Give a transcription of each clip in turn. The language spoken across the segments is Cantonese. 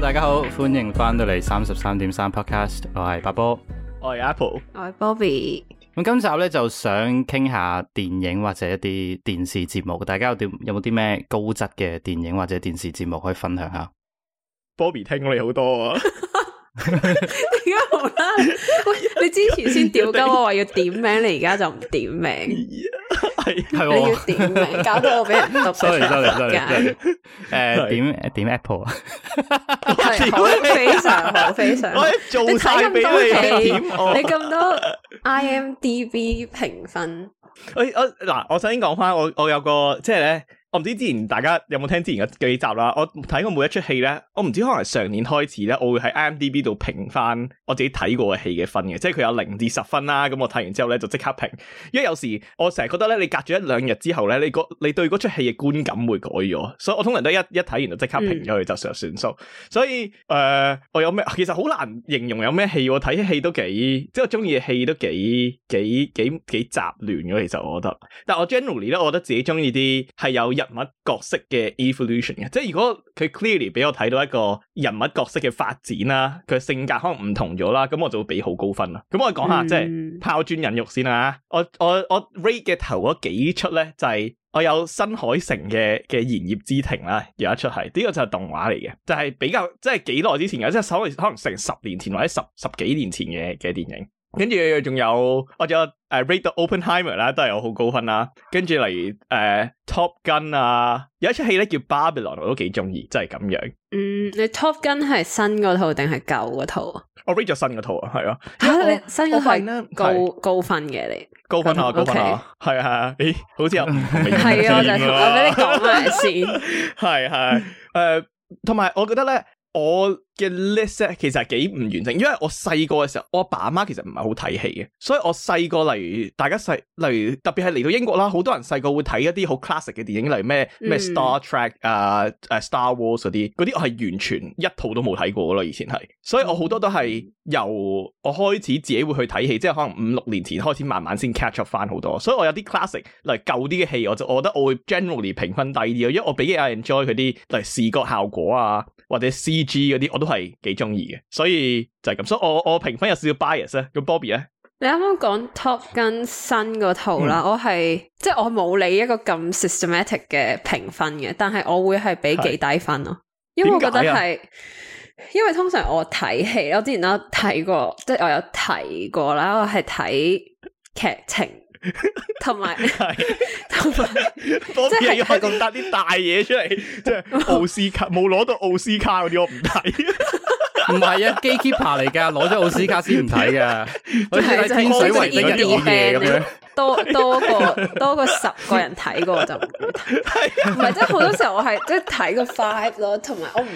大家好，歡迎翻到嚟三十三點三 podcast，我係八波，我係 Apple，我係 Bobby。咁今集咧就想傾下電影或者一啲電視節目，大家有點有冇啲咩高質嘅電影或者電視節目可以分享下？Bobby 聽講你好多。啊。 點解好啦？喂、 哎呀，你之前先屌鳩我話要點名，你而家就唔點名，係係、啊、 要點名，搞到我俾人讀錯。sorry sorry sorry 誒點點 Apple 啊？係非常好，非常好。你睇咁多嘢，你咁多 IMDb 評分誒我嗱，我想先講翻我我，我有個即係咧。就是我唔知之前大家有冇聽之前嘅幾集啦。我睇過每一齣戲咧，我唔知可能上年開始咧，我會喺 IMDB 度評翻我自己睇過嘅戲嘅分嘅，即係佢有零至十分啦。咁我睇完之後咧就即刻評，因為有時我成日覺得咧，你隔住一兩日之後咧，你個你對嗰齣戲嘅觀感會改咗，所以我通常都一一睇完就即刻評咗佢就算數。所以誒、呃，我有咩其實好難形容有咩戲我睇戲都幾即係我中意嘅戲都幾幾幾幾雜亂嘅。其實我覺得，但係我 generally 咧，我覺得自己中意啲係有。人物角色嘅 evolution 嘅，即係如果佢 clearly 俾我睇到一個人物角色嘅發展啦，佢性格可能唔同咗啦，咁我就會俾好高分啦。咁我講下，嗯、即係拋磚引玉先啦。我我我 rate 嘅頭嗰幾出咧，就係、是、我有《新海誠嘅嘅言葉之庭》啦，有一出係，呢、這個就係動畫嚟嘅，就係、是、比較即係幾耐之前嘅，即係所謂可能成十年前或者十十幾年前嘅嘅電影。跟住仲有，或者誒，Radar Oppenheimer 啦，都係有好高分啦。跟住例如誒，Top Gun 啊，有一出戲咧叫 Barbie 我都幾中意，真係咁樣。嗯，你 Top Gun 係新嗰套定係舊嗰套，套啊？我睇咗新嗰套啊，係啊。吓、啊，你新嗰套高分是高分嘅你？高分啊，高分啊，係啊，係好似有唔同嘅，係啊，okay 啊哎、我俾你講埋先。係係，誒，同埋我覺得咧。我嘅 list 其實係幾唔完整，因為我細個嘅時候，我阿爸阿媽其實唔係好睇戲嘅，所以我細個例如大家細，例如特別係嚟到英國啦，好多人細個會睇一啲好 classic 嘅電影，例如咩咩、嗯、Star Trek 啊、誒 Star Wars 嗰啲，嗰啲我係完全一套都冇睇過咯，以前係，所以我好多都係由我開始自己會去睇戲，即係可能五六年前開始慢慢先 catch up 返好多，所以我有啲 classic 嚟舊啲嘅戲，我就我覺得我會 generally 評分低啲，因為我比較 enjoy 佢啲嚟視覺效果啊，或者 CG 嗰啲我都係幾中意嘅，所以就係咁，所以我我評分有少少 bias 咧。咁 Bobby 咧，你啱啱講 Top Gun 新嗰套啦，我係即係我冇理一個咁 systematic 嘅評分嘅，但係我會係俾幾低分咯、啊，是因為我覺得係因為通常我睇戲，我之前都睇過，即係我有提過啦，我係睇劇情。同埋，同埋，即係要咁搭啲大嘢出嚟，即係奧斯卡冇攞到奧斯卡嗰啲我唔睇，唔 係啊，基 keeper 嚟噶，攞咗奧斯卡先唔睇噶，即係開始為咗啲好嘢咁樣，多多過多過十個人睇過就唔會睇，唔係即係好多時候我係即係睇個 five 咯，同埋我唔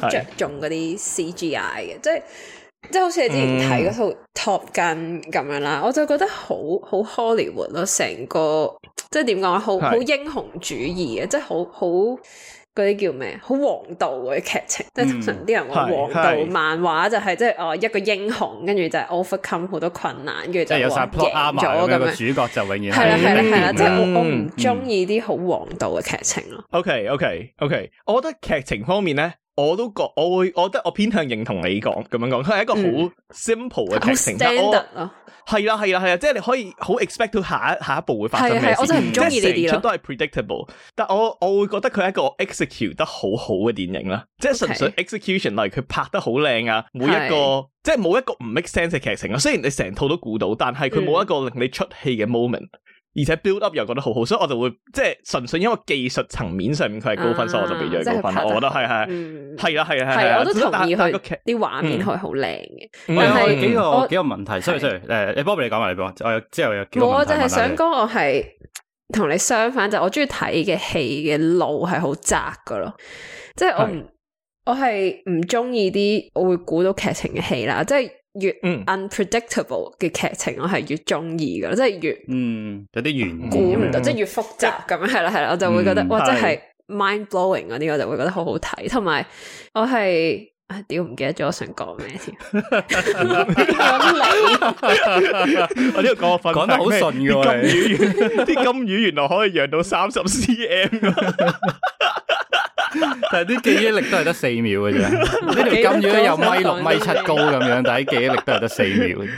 係好着重嗰啲 CGI 嘅，即係。即係好似你之前睇嗰套《Top Gun》咁樣啦，我就覺得好好 Hollywood 咯，成個即係點講啊，好好英雄主義嘅，即係好好嗰啲叫咩？好王道嗰啲劇情，即係通常啲人話王道漫畫就係即係哦一個英雄，跟住就 overcome 好多困難，跟住就贏咗咁樣。主角就永遠係啦係啦係啦，即係我唔中意啲好王道嘅劇情咯。OK OK OK，我覺得劇情方面咧。我都覺我會，我覺得我偏向認同你講咁樣講，佢係一個好 simple 嘅劇情，係啦係啦係啊，即係你可以好 expect 到下一下一步會發生咩事，啊、我真即係成出都係 predictable，啊、但我我會覺得佢係一個 execute 得好好嘅電影啦，即係純粹 execution 嚟，佢拍得好靚啊，每一個是即係冇一個唔 make sense 嘅劇情啊，雖然你成套都估到，但係佢冇一個令你出戲嘅 moment、嗯。而且 build up 又覺得好好，所以我就會即係純粹因為技術層面上面佢係高分，所以我就俾咗佢高分。我覺得係係係呀係係係。我都同意佢啲畫面係好靚嘅。我有幾個幾個問題，sorry sorry，誒，你 Bob 你講埋你講，我有之後有幾我就係想講我係同你相反，就係我中意睇嘅戲嘅路係好窄噶咯，即係我唔我係唔中意啲我會估到劇情嘅戲啦，即係。越 unpredictable 嘅劇情，我係越中意噶，即係越嗯有啲懸、嗯，估唔到，即係越複雜咁、嗯、樣係啦係啦，我就會覺得哇真係 mind blowing 嗰啲，我就會覺得好好睇。同埋我係啊，屌唔記得咗我想講咩添。我呢個過分。訓講得好順嘅，啲金魚，啲金魚原來可以養到三十 cm。 但係啲記憶力都係得四秒嘅啫，呢條金魚有米六米七高咁樣，但係記憶力都係得四秒。誒、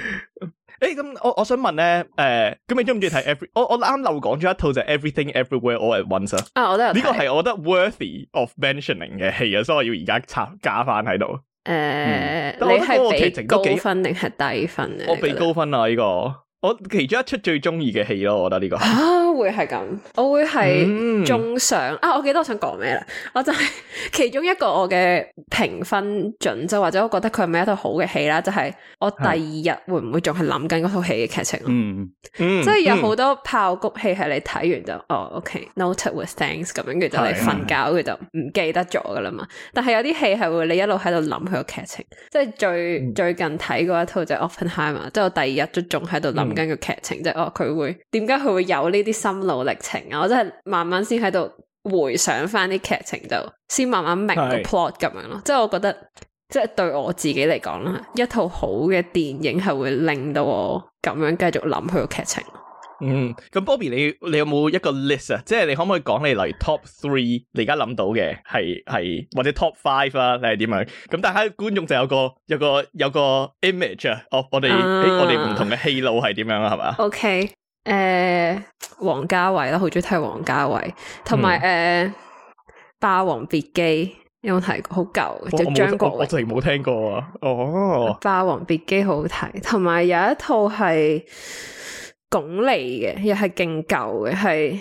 哎，咁我我想問咧，誒、呃，咁你中唔中意睇 Every？我我啱啱漏講咗一套就 Everything Everywhere All At Once 啊，我都有。呢個係我覺得 worthy of mentioning 嘅戲啊，所以我要而家插加翻喺度誒、uh, 嗯，你係俾高分定係低分啊？我俾高分啊，呢、這個。我其中一出最中意嘅戲咯，我覺得呢、這個啊會係咁，我會係中上啊。我記得我想講咩啦，我就係、是、其中一個我嘅評分準則，就是、或者我覺得佢係咪一套好嘅戲啦，就係、是、我第二日會唔會仲係諗緊嗰套戲嘅劇情？嗯嗯，嗯嗯，即係有好多爆谷戲係你睇完就、嗯嗯、哦，OK，Noted、okay, with thanks 咁樣，佢就係瞓覺，佢、嗯嗯、就唔記得咗噶啦嘛。嗯嗯、但係有啲戲係會你一路喺度諗佢個劇情，即係最、嗯、最近睇過一套就 Oppenheimer 啊，即係我第二日都仲喺度諗。跟個劇情即係，哦，佢會點解佢會有呢啲心路歷程啊？我真係慢慢先喺度回想翻啲劇情，就先慢慢明個 plot 咁樣咯。是即係我覺得，即係對我自己嚟講啦，一套好嘅電影係會令到我咁樣繼續諗佢個劇情。嗯，咁 Bobby，你你有冇一個 list 啊？即係你可唔可以講你嚟 top three，你而家諗到嘅係係或者 top five 啊？你係點樣？咁但係觀眾就有個有個有個 image 啊，哦，我哋誒，我哋唔同嘅戲路係點樣啊？係嘛？OK，誒、呃，王家衛啦，好中意睇王家衛，同埋誒《霸王、嗯、別姬》有冇睇過？好舊，就、哦、張國我仲冇聽過哦，《霸王別姬》好好睇，同埋有一套係。鞏俐嘅又係勁舊嘅，係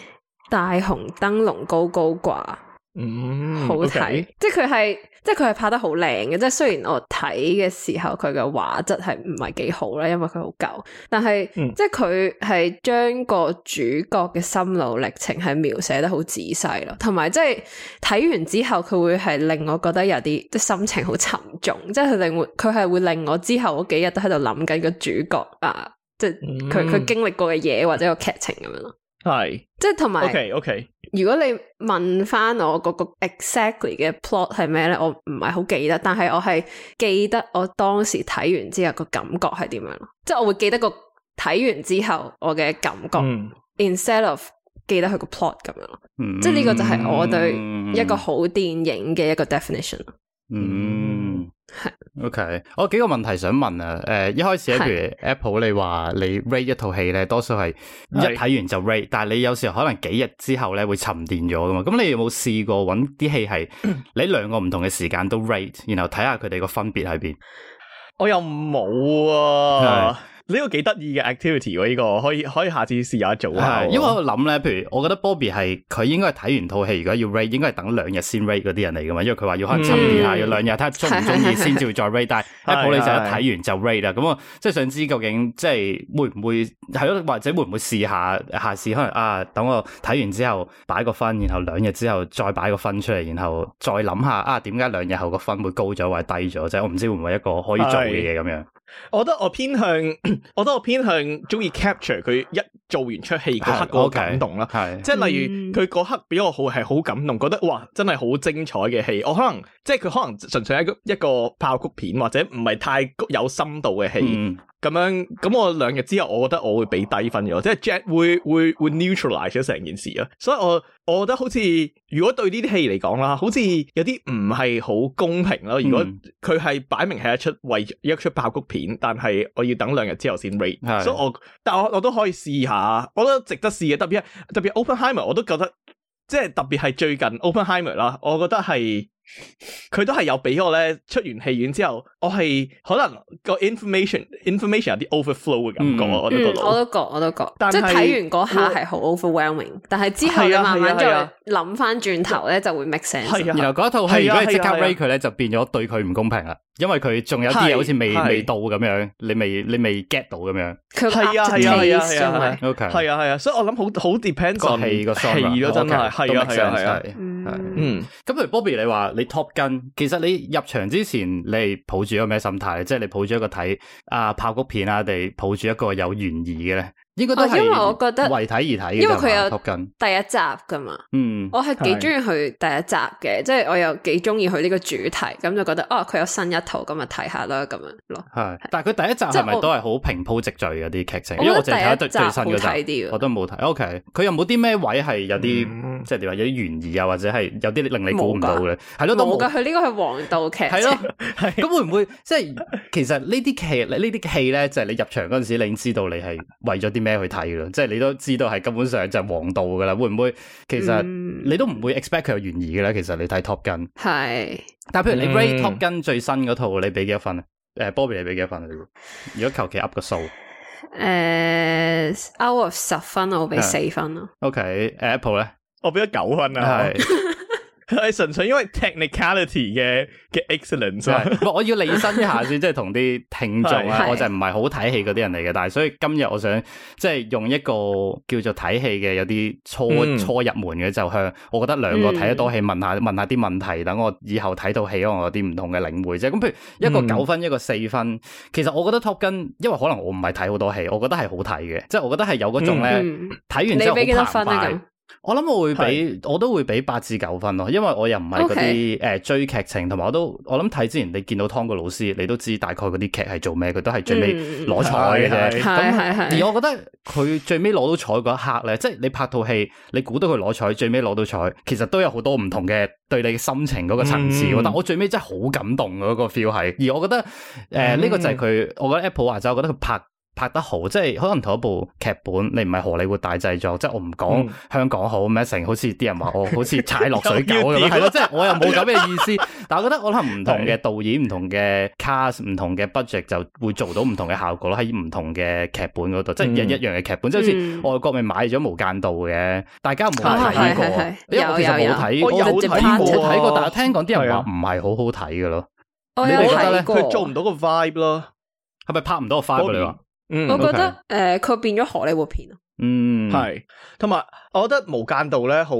大紅燈籠高高掛，嗯，好睇。Okay。即係佢係，即係佢係拍得好靚嘅。即係雖然我睇嘅時候佢嘅畫質係唔係幾好啦，因為佢好舊。但係，嗯、即係佢係將個主角嘅心路歷程係描寫得好仔細咯。同埋，即係睇完之後佢會係令我覺得有啲即係心情好沉重。即係佢令，佢係會令我之後嗰幾日都喺度諗緊個主角啊。佢佢，嗯、經歷過嘅嘢或者個劇情咁樣咯，係、哎、即係同埋。OK OK。如果你問翻我嗰、個 exactly 嘅 plot 係咩咧？我唔係好記得，但係我係記得我當時睇完之後個感覺係點樣咯。即係我會記得個睇完之後我嘅感覺、嗯，instead of 記得佢個 plot 咁樣咯。嗯、即係呢個就係我對一個好電影嘅一個 definition 嗯。嗯。OK 我幾個問題想問啊，誒、uh,，一開始是譬如 Apple 你話你 rate 一套戲咧，多數係一睇完就 rate，是但係你有時候可能幾日之後咧會沉澱咗噶嘛，咁你有冇試過搵啲戲係你兩個唔同嘅時間都 rate，然後睇下佢哋個分別喺邊？我又冇啊。呢個幾得意嘅 activity 喎，呢、呢個可以可以下次試，試做下做啊。係，因為我諗咧，譬如我覺得 Bobby 係佢應該係睇完套戲，如果要 rate，應該係等兩日先 rate 嗰啲人嚟㗎嘛。因為佢話要可能沉澱下，嗯、要兩日睇下中唔中意，先至會再 rate。但係 Bobby 你就一睇完就 rate 啦。咁啊，即係想知究竟即係會唔會係咯，或者會唔會試下下次可能啊？等我睇完之後擺個分，然後兩日之後再擺個分出嚟，然後再諗下啊，點解兩日後個分會高咗或者低咗？即係我唔知會唔會一個可以做嘅嘢咁樣。我覺得我偏向， 我覺得我偏向中意 capture 佢一做完出戲嗰刻嗰個感動啦，okay，即係例如佢嗰刻俾我好係好感動，是嗯、覺得哇真係好精彩嘅戲，我可能即係佢可能純粹係一個一個爆谷片或者唔係太有深度嘅戲。嗯.咁樣，咁我兩日之後，我覺得我會俾低分咗，即係 Jack 會會會 neutralize 咗成件事咯，所以我我覺得好似如果對呢啲戲嚟講啦，好似有啲唔係好公平咯。如果佢係擺明係一出為一出爆谷片，但係我要等兩日之後先 rate，< 是的 S 2> 所以我但我我都可以試下，我覺得值得試嘅，特別特別 Oppenheimer，我都覺得即係特別係最近 Oppenheimer 啦，我覺得係。佢都係有俾我咧，出完戲院之後，我係可能個 information information 有啲 overflow 嘅感覺，嗯、我都覺得，嗯、我都覺，是 ming, 我都覺，即係睇完嗰下係好 overwhelming，但係之後慢慢再諗翻轉頭咧、啊啊、就會 make sense、啊。然後嗰套戲、啊啊、如果你即刻 rate 佢咧，啊啊啊、就變咗對佢唔公平啦。因為佢仲有啲嘢好似未未到咁樣，你未你未 get 到咁樣，係啊係啊係啊係啊，OK，係啊係啊，所以我諗好好 dependent 個戲個戲咯，真係係啊係啊係啊，嗯，咁譬如 Bobby，你話你 Top Gun，其實你入場之前你係抱住一個咩心態？即係你抱住一個睇啊爆谷片啊，定抱住一個有懸疑嘅咧？應該都係、啊，因為我覺得為睇而睇，因為佢有貼緊第一集噶嘛。嗯，我係幾中意佢第一集嘅，即係是我又幾中意佢呢個主題，咁是就覺得哦，佢有新一套咁啊，睇下啦咁樣咯。係，是但係佢第一集係咪都係好平鋪直敘嗰啲劇情？因為我淨係睇最最新嘅，睇啲，我都冇睇。O K，佢有冇啲咩位係有啲？嗯即係你話啊？有啲懸疑啊，或者係有啲令你估唔到嘅，係咯法，我覺得佢呢個係黃道劇，係咯 咁會唔會即係其實劇劇呢啲劇呢啲戲咧，就係、是、你入場嗰陣時，你已經知道你係為咗啲咩去睇噶啦，即係你都知道係根本上就係黃道噶啦，會唔會其實你都唔會 expect 佢有懸疑嘅咧？其實你睇 Top Gun，係，是但譬如你 Ray Top Gun 最新嗰套，你俾幾多分啊？誒、嗯 uh,，Bobby 你俾幾多分啊？如果求其 up 個數，誒、 uh,，out 十分我俾四分咯。Yeah. OK，Apple、okay. 咧？我俾咗九分啊，係純粹因為 technicality 嘅嘅 excellence。我要理身一下先，即係同啲聽眾啊，我就唔係好睇戲嗰啲人嚟嘅。但係所以今日我想即係用一個叫做睇戲嘅，有啲初初入門嘅，就向我覺得兩個睇得多戲，問下問下啲問題，等我以後睇到戲，我有啲唔同嘅領會啫。咁譬如一個九分，一個四分，其實我覺得 Top g 因為可能我唔係睇好多戲，我覺得係好睇嘅，即係我覺得係有嗰種咧，睇完之後好澎湃。我諗我會俾，是我都會俾八至九分咯，因為我又唔係嗰啲誒追劇情，同埋我都我諗睇之前你見到湯嘅老師，你都知大概嗰啲劇係做咩，佢都係最尾攞、嗯、彩嘅啫。咁那而我覺得佢最尾攞到彩嗰一刻咧，即係你拍套戲，你估到佢攞彩，最尾攞到彩，其實都有好多唔同嘅對你嘅心情嗰個層次。但係、嗯、我最尾真係好感動嗰、那個 feel 係，而我覺得誒呢、呃嗯、個就係佢，我覺得 Apple 啊就我覺得佢拍。拍得好，即係可能同一部劇本，你唔係荷里活大製作，即係我唔講香港好，咩成好似啲人話我好似踩落水狗咁，係咯，即係我又冇咁嘅意思。但係我覺得我諗唔同嘅導演、唔同嘅 cast、唔同嘅 budget 就會做到唔同嘅效果咯，喺唔同嘅劇本嗰度，即係一一樣嘅劇本，即係好似外國咪買咗《無間道》嘅，大家唔好睇呢個，因為我其實冇睇過，我有睇過，但係聽講啲人話唔係好好睇㗎咯。你覺得咧？佢做唔到個 vibe 咯？係咪拍唔到個 vibe 咯？你話？我覺得誒，佢變咗荷里活片咯。嗯，係同埋，我覺得無間道咧，好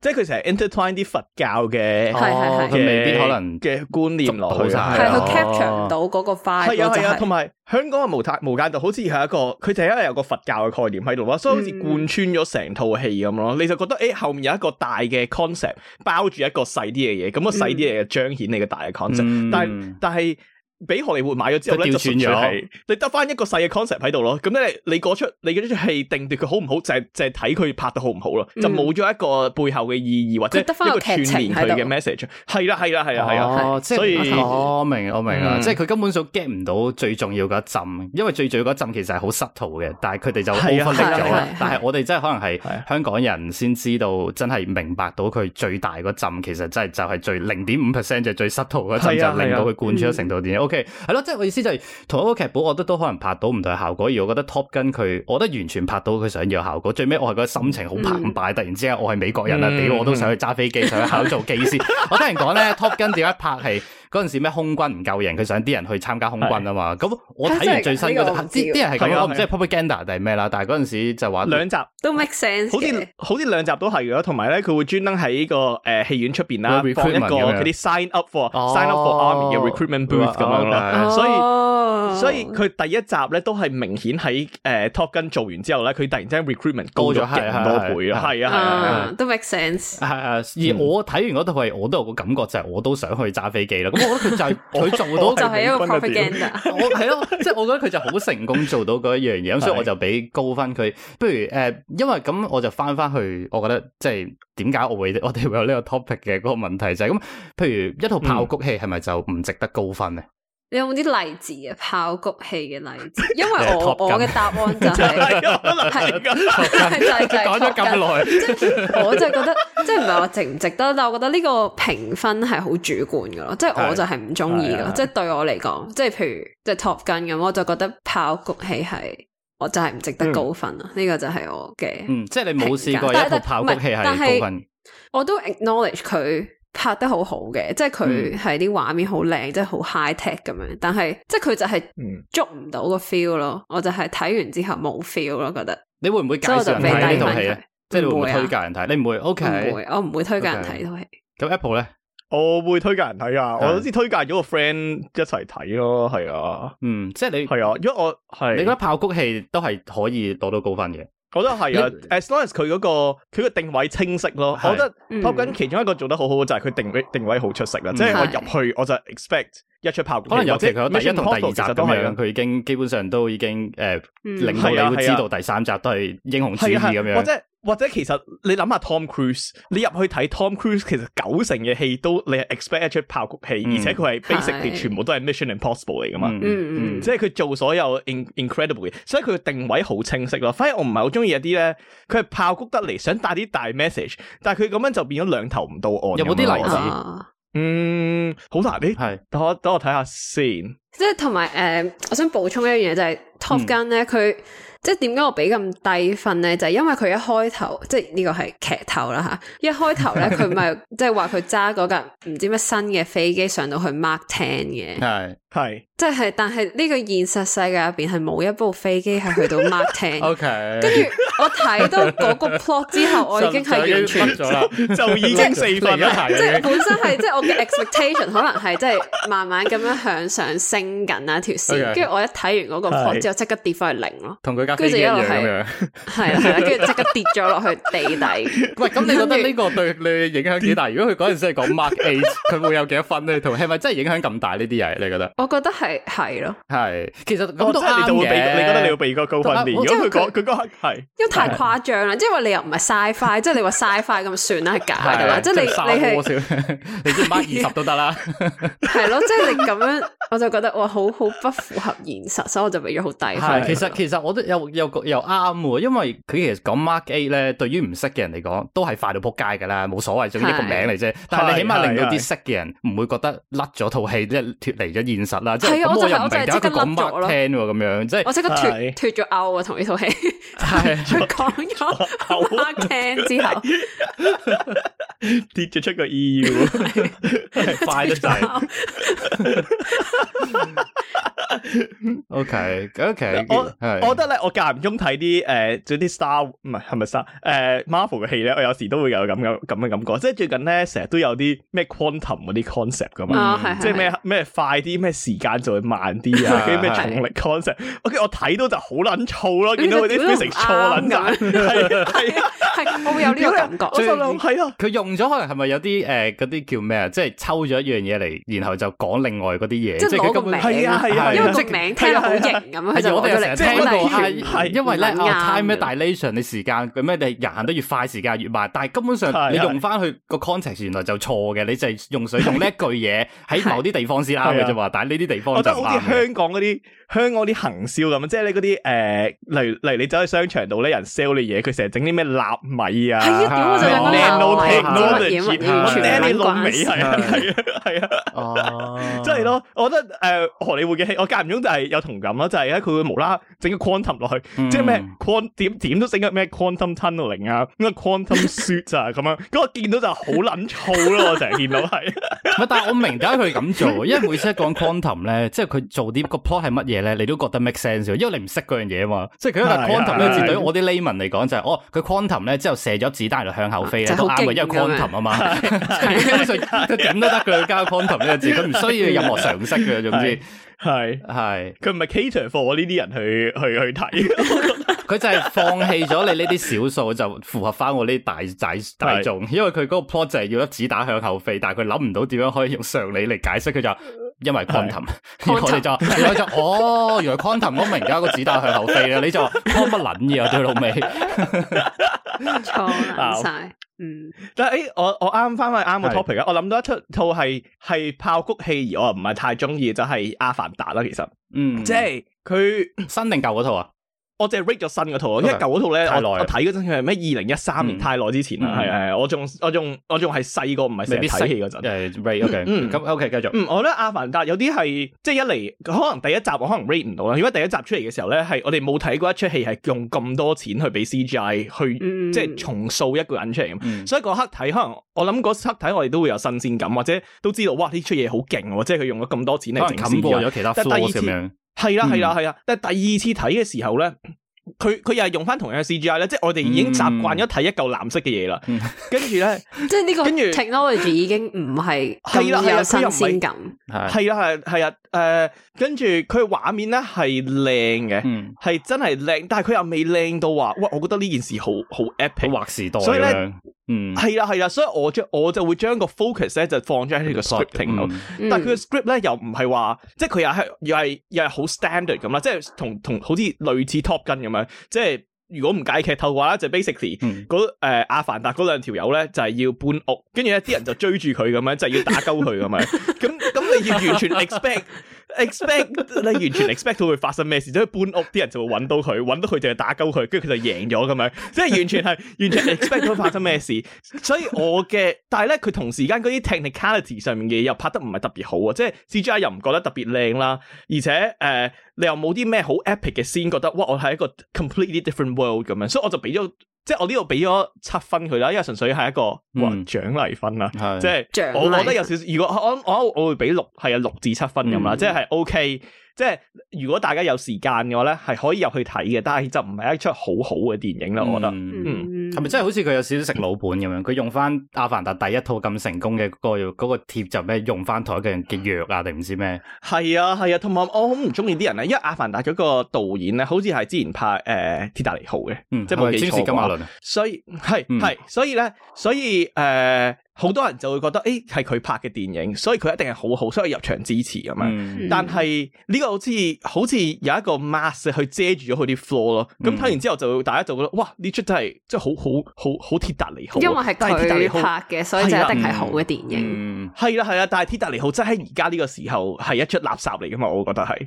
即係佢成日 intertwine 啲佛教嘅，係係係，未必可能嘅觀念落去晒，係佢 capture 唔到嗰個快。係啊係啊，同埋香港嘅無間無間道，好似係一個佢就係因為有個佛教嘅概念喺度啊，所以好似貫穿咗成套戲咁咯。你就覺得誒，後面有一個大嘅 concept 包住一個細啲嘅嘢，咁個細啲嘢彰顯你嘅大嘅 concept，但係但係。俾荷里活買咗之後咧，就完全你得翻一個細嘅 concept 喺度咯。咁咧，你嗰出你嗰出戲係定奪佢好唔好，就係就係睇佢拍得好唔好咯。就冇咗一個背後嘅意義或者一個串聯佢嘅 message。係啦，係啦，係啦，係啦。所以我明，我明啊。即係佢根本上 get 唔到最重要嗰一浸，因為最重要嗰一浸其實係好濕套嘅，但係佢哋就高分力咗。但係我哋真係可能係香港人先知道，真係明白到佢最大嗰浸，其實真係就係最零點五 percent 就係最濕套嗰浸，就令到佢灌注咗成套電影。係咯，okay，即係我意思就係、是、同一個劇本，我覺得都可能拍到唔同嘅效果。而我覺得 Top Gun 佢，我覺得完全拍到佢想要效果。最尾我係覺得心情好澎湃，嗯、突然之間我係美國人啦，屌、嗯、我都想去揸飛機，想去考做機師。 我聽人講咧，Top Gun 點樣拍戲？嗰陣時咩空軍唔夠型，佢想啲人去參加空軍啊嘛。咁我睇完最新嗰集，啲啲人係咁，我唔知是 propaganda 定咩啦。但係嗰陣時就話兩集都 make sense，好似好似兩集都係咯。同埋咧，佢會專登喺個誒戲院出邊啦，放一個啲 sign up for sign up for army 嘅 recruitment booth 咁樣咯。所以所以佢第一集咧都係明顯喺誒 Top Gun 做完之後咧，佢突然之間 recruitment 高咗嘅好多倍咯。係啊，都 make sense。係，而我睇完嗰套戲，我都有個感覺就係我都想去揸飛機啦。我覺得佢就係佢做到 就係一個 propaganda 我係咯，即係、就是、我覺得佢就好成功做到嗰一樣嘢，咁 所以我就俾高分佢。不如誒、呃，因為咁我就翻翻去，我覺得即係點解我會我哋會有呢個 topic 嘅嗰個問題就係、是、咁，譬如一套爆谷戲係咪就唔值得高分咧？嗯你有冇啲例子嘅、啊、爆谷戲嘅例子？因為我 的我嘅答案就係、是、係 就係講咗咁耐，我就覺得即係唔係話值唔值得，但係我覺得呢個評分係好主觀噶咯，即、就、係、是、我就係唔中意噶，即係的對我嚟講，即係的、就是、譬如即係、就是、Top Gun 咁，我就覺得爆谷戲係我就係唔值得高分啊！呢、嗯、個就係我嘅、嗯。嗯，即係你冇試過一個爆谷戲係高分，我都 acknowledge 佢。拍得好好嘅，即係佢係啲畫面好靚、嗯，即係好 high tech 咁樣。但係即係佢就係捉唔到個 feel 咯，我就係睇完之後冇 feel 咯，覺得你會唔會介紹人睇呢套戲？啊、即係你會唔會推介人睇？啊、你唔會？OK，唔會，我唔會推介人睇套戲。咁 Apple 咧，我會推介人睇啊！我好似推介咗個 friend 一齊睇咯，係啊，嗯，即係你係啊。如果我係你覺得爆谷戲都係可以攞到高分嘅。我覺得係啊你，as long as 佢嗰、那個佢個定位清晰咯，是我覺得 Top Gun、嗯、其中一個做得好好就係、是、佢定位定位好出色啦，嗯、即係我入去是我就 expect 一出爆谷，可能尤其佢第一同第二集咁樣，佢已經基本上都已經誒，呃嗯、令到你會知道第三集都係英雄主義咁樣。或者其實你諗下 Tom Cruise，你入去睇 Tom Cruise，其實九成嘅戲都你 expect 出爆谷戲，嗯、而且佢係 basically 的全部都係 Mission Impossible 嚟噶嘛，嗯嗯、即係佢做所有 incredible 嘅，所以佢嘅定位好清晰咯。反而我唔係好中意一啲咧，佢係爆谷得嚟，想帶啲大 message，但係佢咁樣就變咗兩頭唔到岸，有冇啲例子、啊？嗯，好難啲，係等的我等我睇下先。即係同埋誒，我想補充一樣嘢就係、是、Top Gun 咧，佢。即係點解我俾咁低分咧？就係、是、因為佢一開頭，即係呢個係劇透啦吓。一開頭咧，佢咪即係話佢揸嗰架唔知咩新嘅飛機上到去 Mark Ten 嘅。係係。即係，但係呢個現實世界入邊係冇一部飛機係去到 Mark Ten。O K。跟住我睇到嗰個 plot 之後，我已經係完全咗 就,就已經四分 即。即係本身係，即係我嘅 expectation 可能係即係慢慢咁樣向上升緊啊條線。跟住 Okay. 我一睇完嗰個 plot 之後，即 刻跌翻去零咯。同佢。跟住一路係，係啦，跟住即刻跌咗落去地底。喂，咁你覺得呢個對你影響幾大？如果佢嗰陣時係講 mark 8，佢會有幾多分咧？同係咪真係影響咁大呢啲嘢？你覺得？我覺得係係咯，係。其實我真係就會俾你覺得你要俾個高分。如果佢講佢刻係，因為太誇張啦。即係你又唔係 sci-fi，即係你話 sci-fi 咁算啦，係假噶啦。即係你你係，你先 mark 二十都得啦。係咯，即係你咁樣，我就覺得哇，好好不符合現實，所以我就俾咗好低分。其實其實我都有。又個又啱喎，因為佢其實講 Mark 8咧，對於唔識嘅人嚟講，都係快到撲街㗎喇，冇所謂，總之一個名嚟啫。但係你起碼令到啲識嘅人唔會覺得甩咗套戲，即係脫離咗現實啦。係啊，我就係即刻甩咗咯。咁樣即係我即刻脫脫咗 out 啊！同呢套戲，佢講咗 Mark 8之後。跌咗出個意要快得滯，OK OK，我、yeah, yeah, yeah. 我覺得咧，我間唔中睇啲誒，即啲 Star 唔係係咪 Star 誒、呃、，Marvel 嘅戲咧，我有時都會有咁樣咁嘅感覺。即、就、係、是、最近咧，成日都有啲咩 Quantum 嗰啲 concept 噶嘛，嗯、即係咩咩快啲，咩時間就會慢啲啊，嗰啲咩重力 concept。OK， 我睇到就好捻燥咯，見到啲成錯捻眼，係係我會有呢個感覺，係咯，佢用。用咗可能係咪有啲誒，嗰啲叫咩啊？即係抽咗一樣嘢嚟，然後就講另外嗰啲嘢。即係攞名，因為個名聽落好型咁啊。係我哋成日聽過，係因為咧 time dilation，你時間咁咧，你人行得越快，時間越慢。但係根本上你用翻去個 context 原來就錯嘅，你就係用水用呢一句嘢喺某啲地方先啱嘅啫嘛。但係呢啲地方就唔啱嘅。香港嗰啲。香港啲行銷咁啊，即係你嗰啲誒，例如例如你走去商場度咧，人 sell 你嘢，佢成日整啲咩納米啊，咩 Nanothing 咯，嚟接住孭啲納米係啊係啊，即係咯，我覺得誒荷里活嘅戲，我間唔中就係有同感咯，就係佢會無啦整個 quantum 落去，即係咩 quant 點點都整個咩 quantum tunneling 啊，咩 quantum suit 啊咁樣，咁我見到就好撚燥咯，我成日見到係，但係我明點解佢咁做，因為每次一講 quantum 咧，即係佢做啲個 plot 係乜嘢。你都覺得 make sense，因為你唔識嗰樣嘢啊嘛，即係佢一個 quantum 呢個字對於我啲 layman 嚟講就係哦，佢 quantum 咧之後射咗子彈就向後飛嘅，啱嘅，因為 quantum 啊嘛，基本上點都得嘅，加 quantum 呢個字，佢唔需要任何常識嘅，總之係係佢唔係 cater for 我呢啲人去去去睇，佢就係放棄咗你呢啲少數，就符合翻我呢啲大仔大眾，因為佢嗰個 project 就係要一子彈向後飛，但係佢諗唔到點樣可以用常理嚟解釋，佢就。因為昆騰、um, 的，我哋就我 就哦，原來昆騰嗰名而家個子彈向後飛啊！你就裝乜撚嘢啊，啲老味，裝曬 嗯。但係誒、欸，我我啱翻去啱個 topic 啊，我諗到，的到一出套係係爆谷戲，而我又唔係太中意，就係、是、阿凡達啦。其實，嗯，即係佢新定舊嗰套啊。我就 r e a d 咗新嗰套，因為舊套咧，我睇嗰陣係咩二零一三年，太耐之前啦。係係，我仲我仲我仲係細個，唔係成日睇戲嗰陣。誒 r a 咁 OK，繼續。嗯，我覺得《阿凡達》有啲係即係，一嚟，可能第一集我可能 r e a d 唔到啦。如果第一集出嚟嘅時候咧，係我哋冇睇過一出戲係用咁多錢去俾 C G I 去即係重塑一個人出嚟，所以嗰刻睇可能，我諗嗰刻睇我哋都會有新鮮感，或者都知道哇呢出嘢好勁喎！即係佢用咗咁多錢嚟整。冚過其他係啦係啦係啦，但係第二次睇嘅時候咧，佢佢又係用翻同樣嘅 CGI 咧，即係我哋已經習慣咗睇一嚿藍色嘅嘢啦，嗯、跟住咧， 即係呢個 technology 已經唔係咁有新鮮感，係係係啊。誒，跟住佢畫面咧係靚嘅，係、嗯、真係靚，但係佢又未靚到話，喂，我覺得呢件事好好 epic，劃時代，所以咧，嗯，係啦係啦，所以我將我就會將個 focus 咧就放咗喺、嗯、呢個 scripting 度，但係佢 script 咧又唔係話，即係佢又係又係又係好 standard 咁啦，即係同同好似類似 Top Gun 咁樣，即係。如果唔解劇透嘅話，就 basically 嗰呃、嗯、阿凡達嗰兩條友咧，就係、係、要搬屋，跟住咧啲人就追住佢咁樣， 就係要打鳩佢咁樣，咁咁 你要完全 expect。 expect 你完全 expect 到會發生咩事，即、就、係、是、搬屋啲人就會揾到佢，揾到佢就打鳩佢，跟住佢就贏咗咁樣，即係完全係完全 expect 到發生咩事，所以我嘅，但係咧佢同時間嗰啲 technicality 上面嘅嘢又拍得唔係特別好啊，即係 CGI 又唔覺得特別靚啦，而且誒、呃、你又冇啲咩好 epic 嘅先覺得，哇！我係一個 completely different world 咁樣，所以我就俾咗。即係我呢度畀咗七分佢啦，因為純粹係一個話獎勵分啦、啊，的即係我我覺得有少少。勵如果我我我，我會俾六係啊六至七分咁啦，嗯、即係 OK。即係如果大家有時間嘅話咧，係可以入去睇嘅，但係就唔係一出好好嘅電影啦。我覺得，係咪、嗯嗯、真係好似佢有少少食老本咁樣？佢、嗯、用翻《阿凡達》第一套咁成功嘅嗰、嗰個嗰、嗰個貼就咩用翻台嘅嘅藥啊定唔知咩？係啊係啊，同埋、嗯啊啊、我好唔中意啲人啊，因為《阿凡達》嗰個導演咧，好似係之前拍誒《鐵達尼號》嘅、嗯，即係冇記錯金馬倫啊。所以係係，所以咧，所以誒。嗯嗯嗯嗯嗯嗯好多人就會覺得，誒係佢拍嘅電影，所以佢一定係好好，所以入場支持咁樣。但係呢個好似好似有一個 mask 去遮住咗佢啲 flaw 咯。咁睇、嗯、完之後就，就大家就覺得，哇！呢出真係真係好好好好鐵達尼號。因為係佢拍嘅，所以就一定係好嘅電影。係啦係啦，但係鐵達尼號真係而家呢個時候係一出垃，垃圾嚟噶嘛？我覺得係，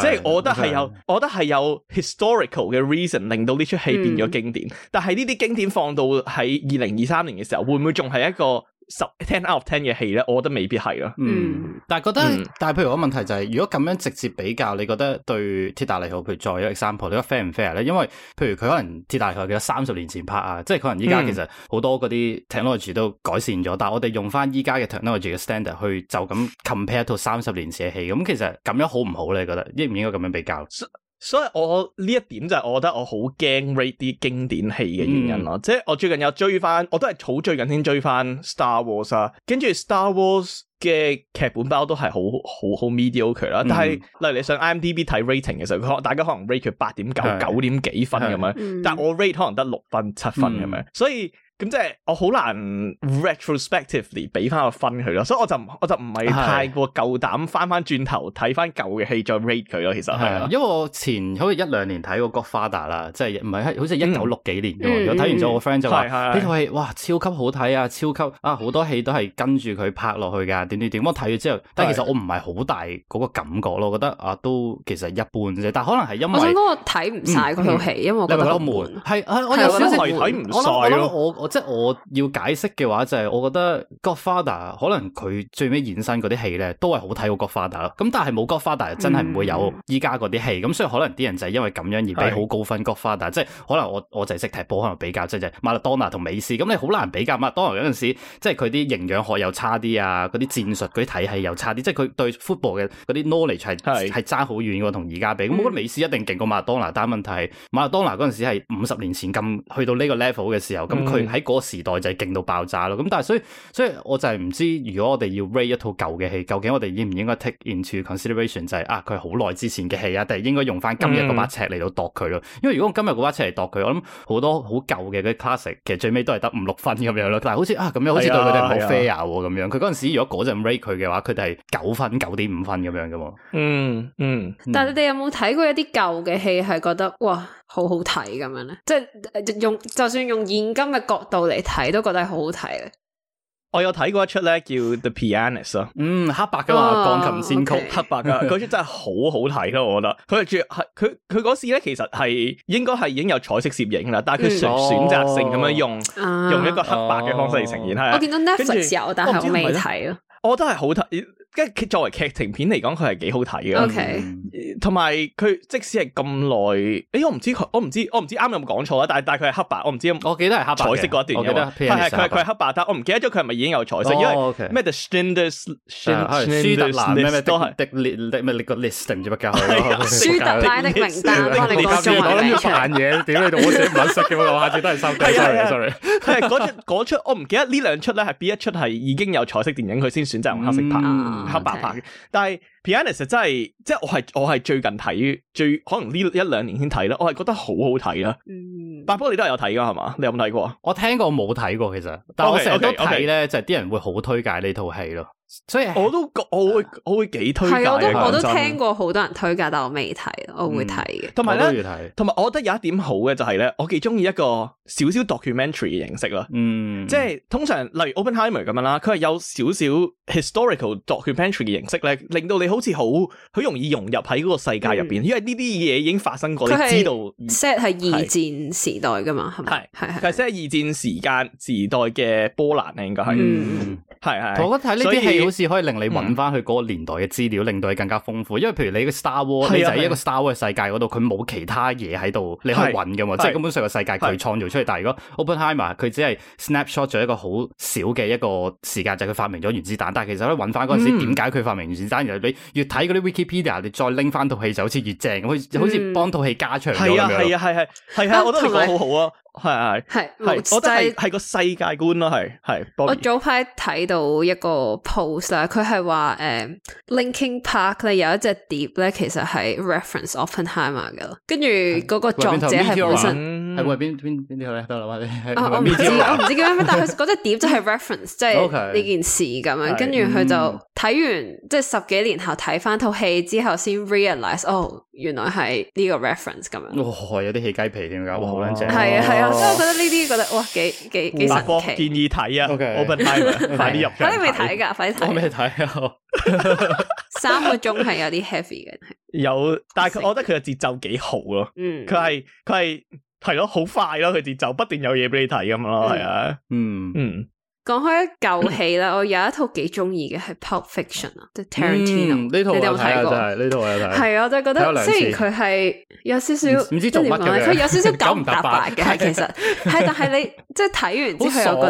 即係、啊、我覺得係有、啊、我覺得係有 historical 嘅 reason 令到呢出戲變咗經典。嗯、但係呢啲經典放到喺二零二三年嘅時候，會唔會仲係一個十 ten out of ten 嘅戲咧，我覺得未必係咯。嗯，但係覺得，嗯、但係譬如我問題就係、是，如果咁樣直接比較，你覺得對鐵達尼號佢再一個 example，你覺得 fair 唔 fair 咧？因為譬如佢可能鐵達尼號佢三十年前拍啊，即係可能依家其實好多嗰啲 technology 都改善咗，嗯、但係我哋用翻依家嘅 technology 嘅 standard 去就咁 compare to 三十年前嘅戲，咁其實咁樣好唔好咧？你覺得應唔應該咁樣比較？So, 所以，我呢一點就係我覺得我好驚 rate 啲經典戲嘅原因咯，嗯、即係我最近有追翻，我都係好最近先追翻 Star Wars 啊，跟住 Star Wars 嘅劇本包都係好好好 mediocre 啦。但係、嗯、例如你上 IMDB 睇 rating 嘅時候，佢可大家可能 rate 佢八點九九點幾分咁樣，是嗯、但我 rate 可能得六分七分咁樣，嗯、所以。咁即係我好難 retrospectively 俾翻個分佢咯，所以我就我就唔係太過夠膽翻翻轉頭睇翻舊嘅戲再 rate 佢咯。其實係啊，因為我前好似一兩年睇過 Godfather 啦，即係唔係好似一九六幾年嘅，有睇完咗我 friend 就話，呢套戲哇超級好睇啊，超級啊好多戲都係跟住佢拍落去噶，點點點，我睇咗之後，但係其實我唔係好大嗰個感覺咯，我覺得啊都其實一般啫，但可能係因為我睇唔晒嗰套戲，因為我覺得悶，係我又有睇唔晒咯。即係我要解釋嘅話，就係我覺得 Godfather 可能佢最尾衍生嗰啲戲咧，都係好睇過 Godfather。咁但係冇 Godfather，真係唔會有依家嗰啲戲。咁、嗯嗯、所以可能啲人就係因為咁樣而俾好高分 Godfather 是。即係可能我我就係識踢波，可能比較即係馬勒當拿同美斯。咁你好難比較馬勒當拿嗰陣時，即係佢啲營養學又差啲啊，嗰啲戰術嗰啲體系又差啲。即係佢對 football 嘅嗰啲 knowledge 係係爭好遠喎。同而家比，是嗯、我覺得美斯一定勁過馬勒當拿。但係問題係馬勒當拿嗰陣時係五十年前咁去到呢個 level 嘅時候，咁佢喺嗰個時代就係勁到爆炸咯，咁但係所以所以我就係唔知，如果我哋要 rate 一套舊嘅戲，究竟我哋應唔應該 take into consideration 就係、是、啊，佢好耐之前嘅戲啊，定係應該用翻今日嗰把尺嚟度度佢咯？嗯、因為如果我今日嗰把尺嚟度佢，我諗好多好舊嘅啲 classic，其實最尾都係得五六分咁樣咯。但係好似啊咁樣，樣，好似對佢哋唔好 fair 喎咁樣。佢嗰陣時如果嗰陣 rate 佢嘅話，佢哋係九分九點五分咁樣噶嘛。嗯嗯，但係你哋有冇睇過一啲舊嘅戲，係覺得哇？好好睇咁樣咧，即係用就算用現今嘅角度嚟睇，都覺得係好好睇嘅。我有睇過一出咧，叫 The Pianist 啊，嗯，黑白噶嘛，鋼琴先曲黑白噶，嗰出真係好好睇咯，我覺得。佢係絕係，佢佢嗰時咧，其實係應該係已經有彩色攝影啦，但係佢選選擇性咁樣用用一個黑白嘅方式嚟呈現。係我見到 Netflix 有，但係我未睇咯。我覺得係好睇。作為劇情片嚟講，佢係幾好睇嘅。O K，同埋佢即使係咁耐，誒，我唔知佢，我唔知，我唔知啱啱有冇講錯啊。但係但係佢係黑白，我唔知。我記得係黑白彩色嗰一段，我記得係佢係黑白，但我唔記得咗佢係咪已經有彩色，因為咩？The Schindler's Schindler's List 咩咩？都係 The List 個 list 定唔知乜嘢。書單的名單。我諗住嘢，點你同我寫文字嘅話，下次都係收 D。sorry，sorry。係嗰嗰出，我唔記得呢兩出咧，係邊一出係已經有彩色電影，佢先選擇用黑色拍。黑白拍嘅，Okay. 但係 Pianist 真係，即係我係我係最近睇，最可能呢一兩年先睇啦，我係覺得好好睇啦。嗯，八波你都係有睇噶係嘛？你有冇睇過啊？我聽過冇睇過其實，但係我成日都睇咧，就係啲人會好推介呢套戲咯。所以我都我會我會幾推介嘅，就係我都聽過好多人推介，但我未睇，我會睇嘅。同埋咧，同埋我覺得有一點好嘅就係咧，我幾中意一個少少 documentary 嘅形式啦。嗯，即係通常例如 Oppenheimer 咁樣啦，佢係有少少 historical documentary 嘅形式咧，令到你好似好好容易融入喺嗰個世界入邊，因為呢啲嘢已經發生過，你知道 set 係二戰時代噶嘛，係咪係，係 set 係二戰時間時代嘅波蘭啊，應該係係係，我覺得睇呢啲戲好似可以令你揾翻佢嗰個年代嘅資料，令到你更加豐富。因為譬如你嘅 Star Wars 咧就係一個 Star Wars 世界嗰度，佢冇其他嘢喺度你去揾噶嘛，即係根本上個世界佢創造出嚟。但係如果 Openheimer 佢只係 snapshot 咗一個好少嘅一個時間，就佢發明咗原子彈。但係其實可以揾翻嗰陣時，點解佢發明原子彈？其實你越睇嗰啲 Wikipedia，你再拎翻套戲就好似越正，好似好似幫套戲加長咗咁樣。係啊係啊係係，係啊，我覺得你講得好好啊。係係係，我真係係個世界觀咯，係係。我早排睇到一個 post 啦，佢係話誒，Linkin Park 咧有一隻碟咧，其實係 reference Oppenheimer 嘅。跟住嗰個作者係本身係為邊邊邊啲咧？得啦，我唔知，我唔知叫咩，但係佢嗰隻碟就係 reference，即係呢件事咁樣。跟住佢就睇完，即係十幾年後睇翻套戲之後先 realize 哦。原來係呢個 reference 咁樣，有啲起雞皮點解？哇，好撚正，係啊係啊，所以我覺得呢啲覺得哇幾幾幾神奇，建議睇啊！我快啲入，你未睇㗎，快睇，我未睇啊！三個鐘係有啲 heavy 嘅，有，但係我覺得佢嘅節奏幾好咯，嗯，佢係佢係係咯好快咯，佢節奏不斷有嘢俾你睇咁咯，係啊，嗯嗯。講開舊戲啦，我有一套幾中意嘅係《Pulp Fiction》啊，《即係 Tarantino》呢套有冇睇啊？就係呢套有睇，係我就覺得雖然佢係有少少唔知做乜，佢有少少九唔搭八嘅，其實係，但係你即係睇完之後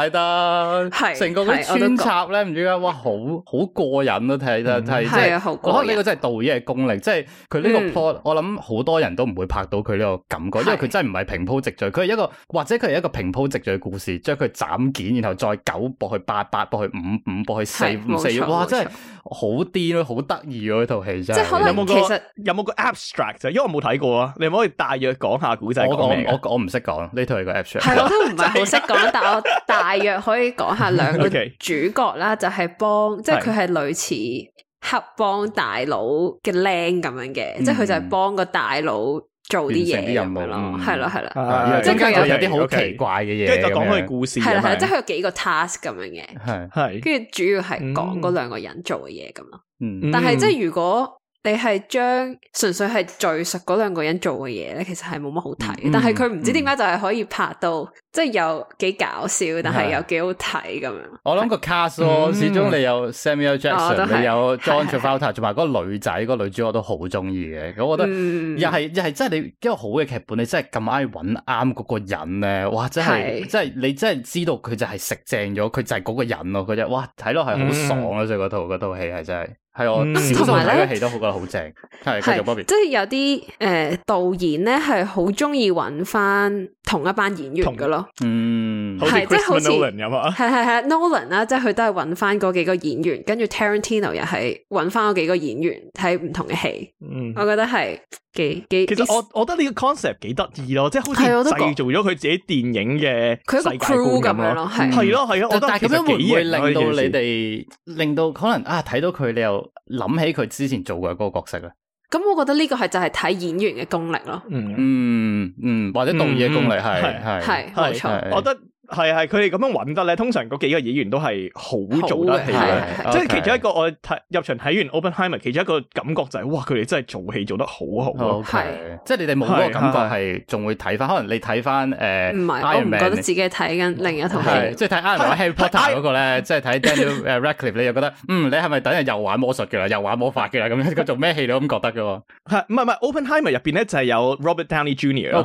覺得係成個嘅穿插咧，唔知點解哇，好好過癮咯！睇真係，係啊，好過！呢個真係導演嘅功力，即係佢呢個 plot，我諗好多人都唔會拍到佢呢個感覺，因為佢真係唔係平鋪直敘，佢係一個或者佢係一個平鋪直敘嘅故事，將佢斬件然後。再九搏去八，八搏去五，五搏去四，五四哇！錯真係好癲咯、啊，好得意呢套戲真係。即係可能有有其實有冇個 abstract 就、啊、因為我冇睇過啊，你可唔可以大約講下古仔？我我我唔識講呢套嘢個 abstract。係 ab 我都唔係好識講， 但我大約可以講下兩個主角啦， Okay. 就係幫即係佢係類似黑幫大佬嘅僆咁樣嘅，即係佢就係幫個大佬。嗯 做啲嘢咁樣咯，係啦係啦，即係有有啲好奇怪嘅嘢，跟住講佢故事，係啦係啦，即係有幾個 task 咁樣嘅，係係，跟住主要係講嗰兩個人做嘅嘢咁咯。嗯，但係即係如果你係將純粹係敘述嗰兩個人做嘅嘢咧，其實係冇乜好睇。但係佢唔知點解就係可以拍到。即係有幾搞笑，但係又幾好睇咁樣。我諗個 cast 咯，始終你有 Samuel Jackson，你有 John Travolta，同埋嗰個女仔，嗰個女主角都好中意嘅。咁我覺得又係又係，即係你一個好嘅劇本，你真係咁啱揾啱嗰個人咧，哇！真係真係你真係知道佢就係食正咗，佢就係嗰個人咯。嗰隻哇睇落係好爽咯，就嗰套嗰套戲係真係，係我同埋睇嘅戲都好覺得好正。係即係有啲誒導演咧係好中意揾翻同一班演員嘅咯。嗯，係是像 Chris 即係好似有冇啊？係係係 Nolan 啦，Nolan，即係佢都係揾翻嗰幾個演員，跟住 Tarantino 又係揾翻嗰幾個演員睇唔同嘅戲。嗯，我我，我覺得係幾幾。其實我我覺得呢個 concept 幾得意咯，即係好似我製造咗佢自己電影嘅佢 crew 咁樣咯。係咯係咯，但係其實會唔會令到你哋令到可能啊睇到佢你又諗起佢之前做嘅嗰個角色咧？咁我覺得呢個係就係睇演員嘅功力咯，嗯，嗯嗯嗯，或者導演嘅功力係係係冇錯係，係我覺得。係係，佢哋咁樣搵得咧，通常嗰幾個演員都係好做得戲嘅，即係其中一個我睇入場睇完 Oppenheimer，其中一個感覺就係哇，佢哋真係做戲做得好好咯，係即係你哋冇嗰個感覺係，仲會睇翻，可能你睇翻誒，唔係我唔覺得自己睇緊另一套戲，即係睇 Alan Harry Potter 嗰個咧，即係睇 Daniel 誒 Radcliffe，你就覺得嗯，你係咪等人又玩魔術嘅啦，又玩魔法嘅啦咁樣，佢做咩戲你咁覺得嘅？係唔係唔係 Oppenheimer 入邊咧就係有 Robert Downey Junior 咯，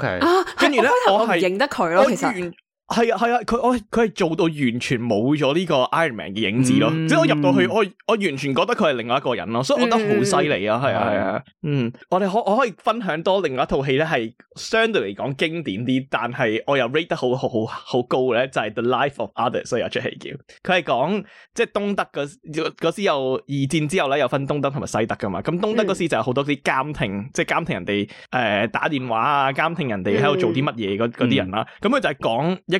跟住咧我係認得佢咯，其實。係啊，係啊，佢我佢係做到完全冇咗呢個 Iron Man 嘅影子咯。嗯、即係我入到去，我我完全覺得佢係另外一個人咯。所以我覺得好犀利啊！係啊係啊，啊嗯，我哋可我可以分享多另外一套戲咧，係相對嚟講經典啲，但係我又 rate 得好好好好高嘅咧，就係、是、The Life of Others，所以有出戲叫佢係講即係東德嗰時，時有二戰之後咧，有分東德同埋西德噶嘛。咁東德嗰時就係好多啲監聽，嗯、即係監聽人哋誒、呃、打電話啊，監聽人哋喺度做啲乜嘢嗰啲人啦。咁佢、嗯嗯、就係講一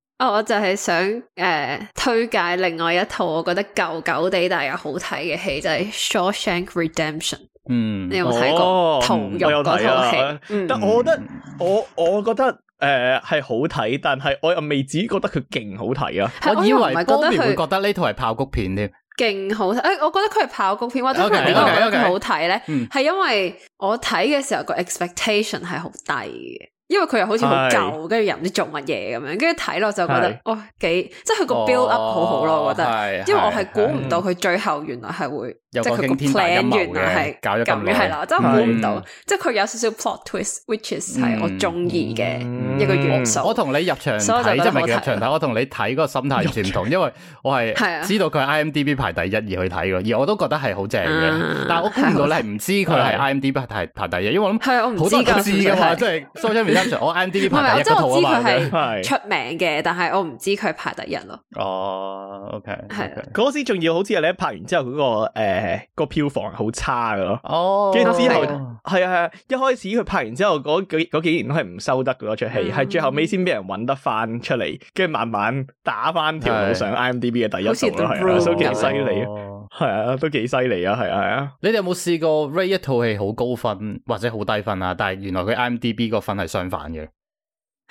我就係想誒、uh, 推介另外一套我覺得舊舊地但係好睇嘅戲就係、是《Shawshank Redemption》。嗯，你有冇睇過同入嗰套戲？但我覺得我我覺得誒係、uh, 好睇，但係我又未至於覺得佢勁好睇啊！我以為觀眾得會覺得呢套係爆谷片添，勁好睇。誒、欸，我覺得佢係爆谷片，我點解覺得好睇咧？係 okay, 因為我睇嘅時候個 expectation 係好低嘅。因為佢又好似好舊，跟住是又唔知做乜嘢咁樣，跟住睇落就覺得，是哇，幾，即係佢個 build up、哦、好好咯，我覺得，是因為我係估唔到佢最後原來係會。是是是嗯即係個 plan 完啊，係搞咗咁樣，係啦，即係估唔到，即係佢有少少 plot twist，which is 係我中意嘅一個元素。我同你入場睇，即係唔係入場睇，我同你睇嗰個心態完全唔同，因為我係知道佢係 IMDB 排第一而去睇嘅，而我都覺得係好正嘅。但係我估唔到你係唔知佢係 IMDB 排排第一，因為我諗係我唔知噶嘛，即係 so interesting 我 IMDB 排第一個圖啊嘛，我知佢係出名嘅，但係我唔知佢係排第一咯。哦，OK，係嗰時仲要好似你一拍完之後嗰個誒。誒，個票房好差噶咯，跟住之後，係啊係啊，啊，一開始佢拍完之後嗰幾幾年都係唔收得噶出戲係、嗯、最後尾先俾人搵得翻出嚟，跟住慢慢打翻條路上，上 IMDB 嘅第一度咯，所以其實犀利啊，係啊，都幾犀利啊，係啊係啊，你哋有冇試過 rate 一套戲好高分或者好低分啊？但係原來佢 IMDB 個分係相反嘅，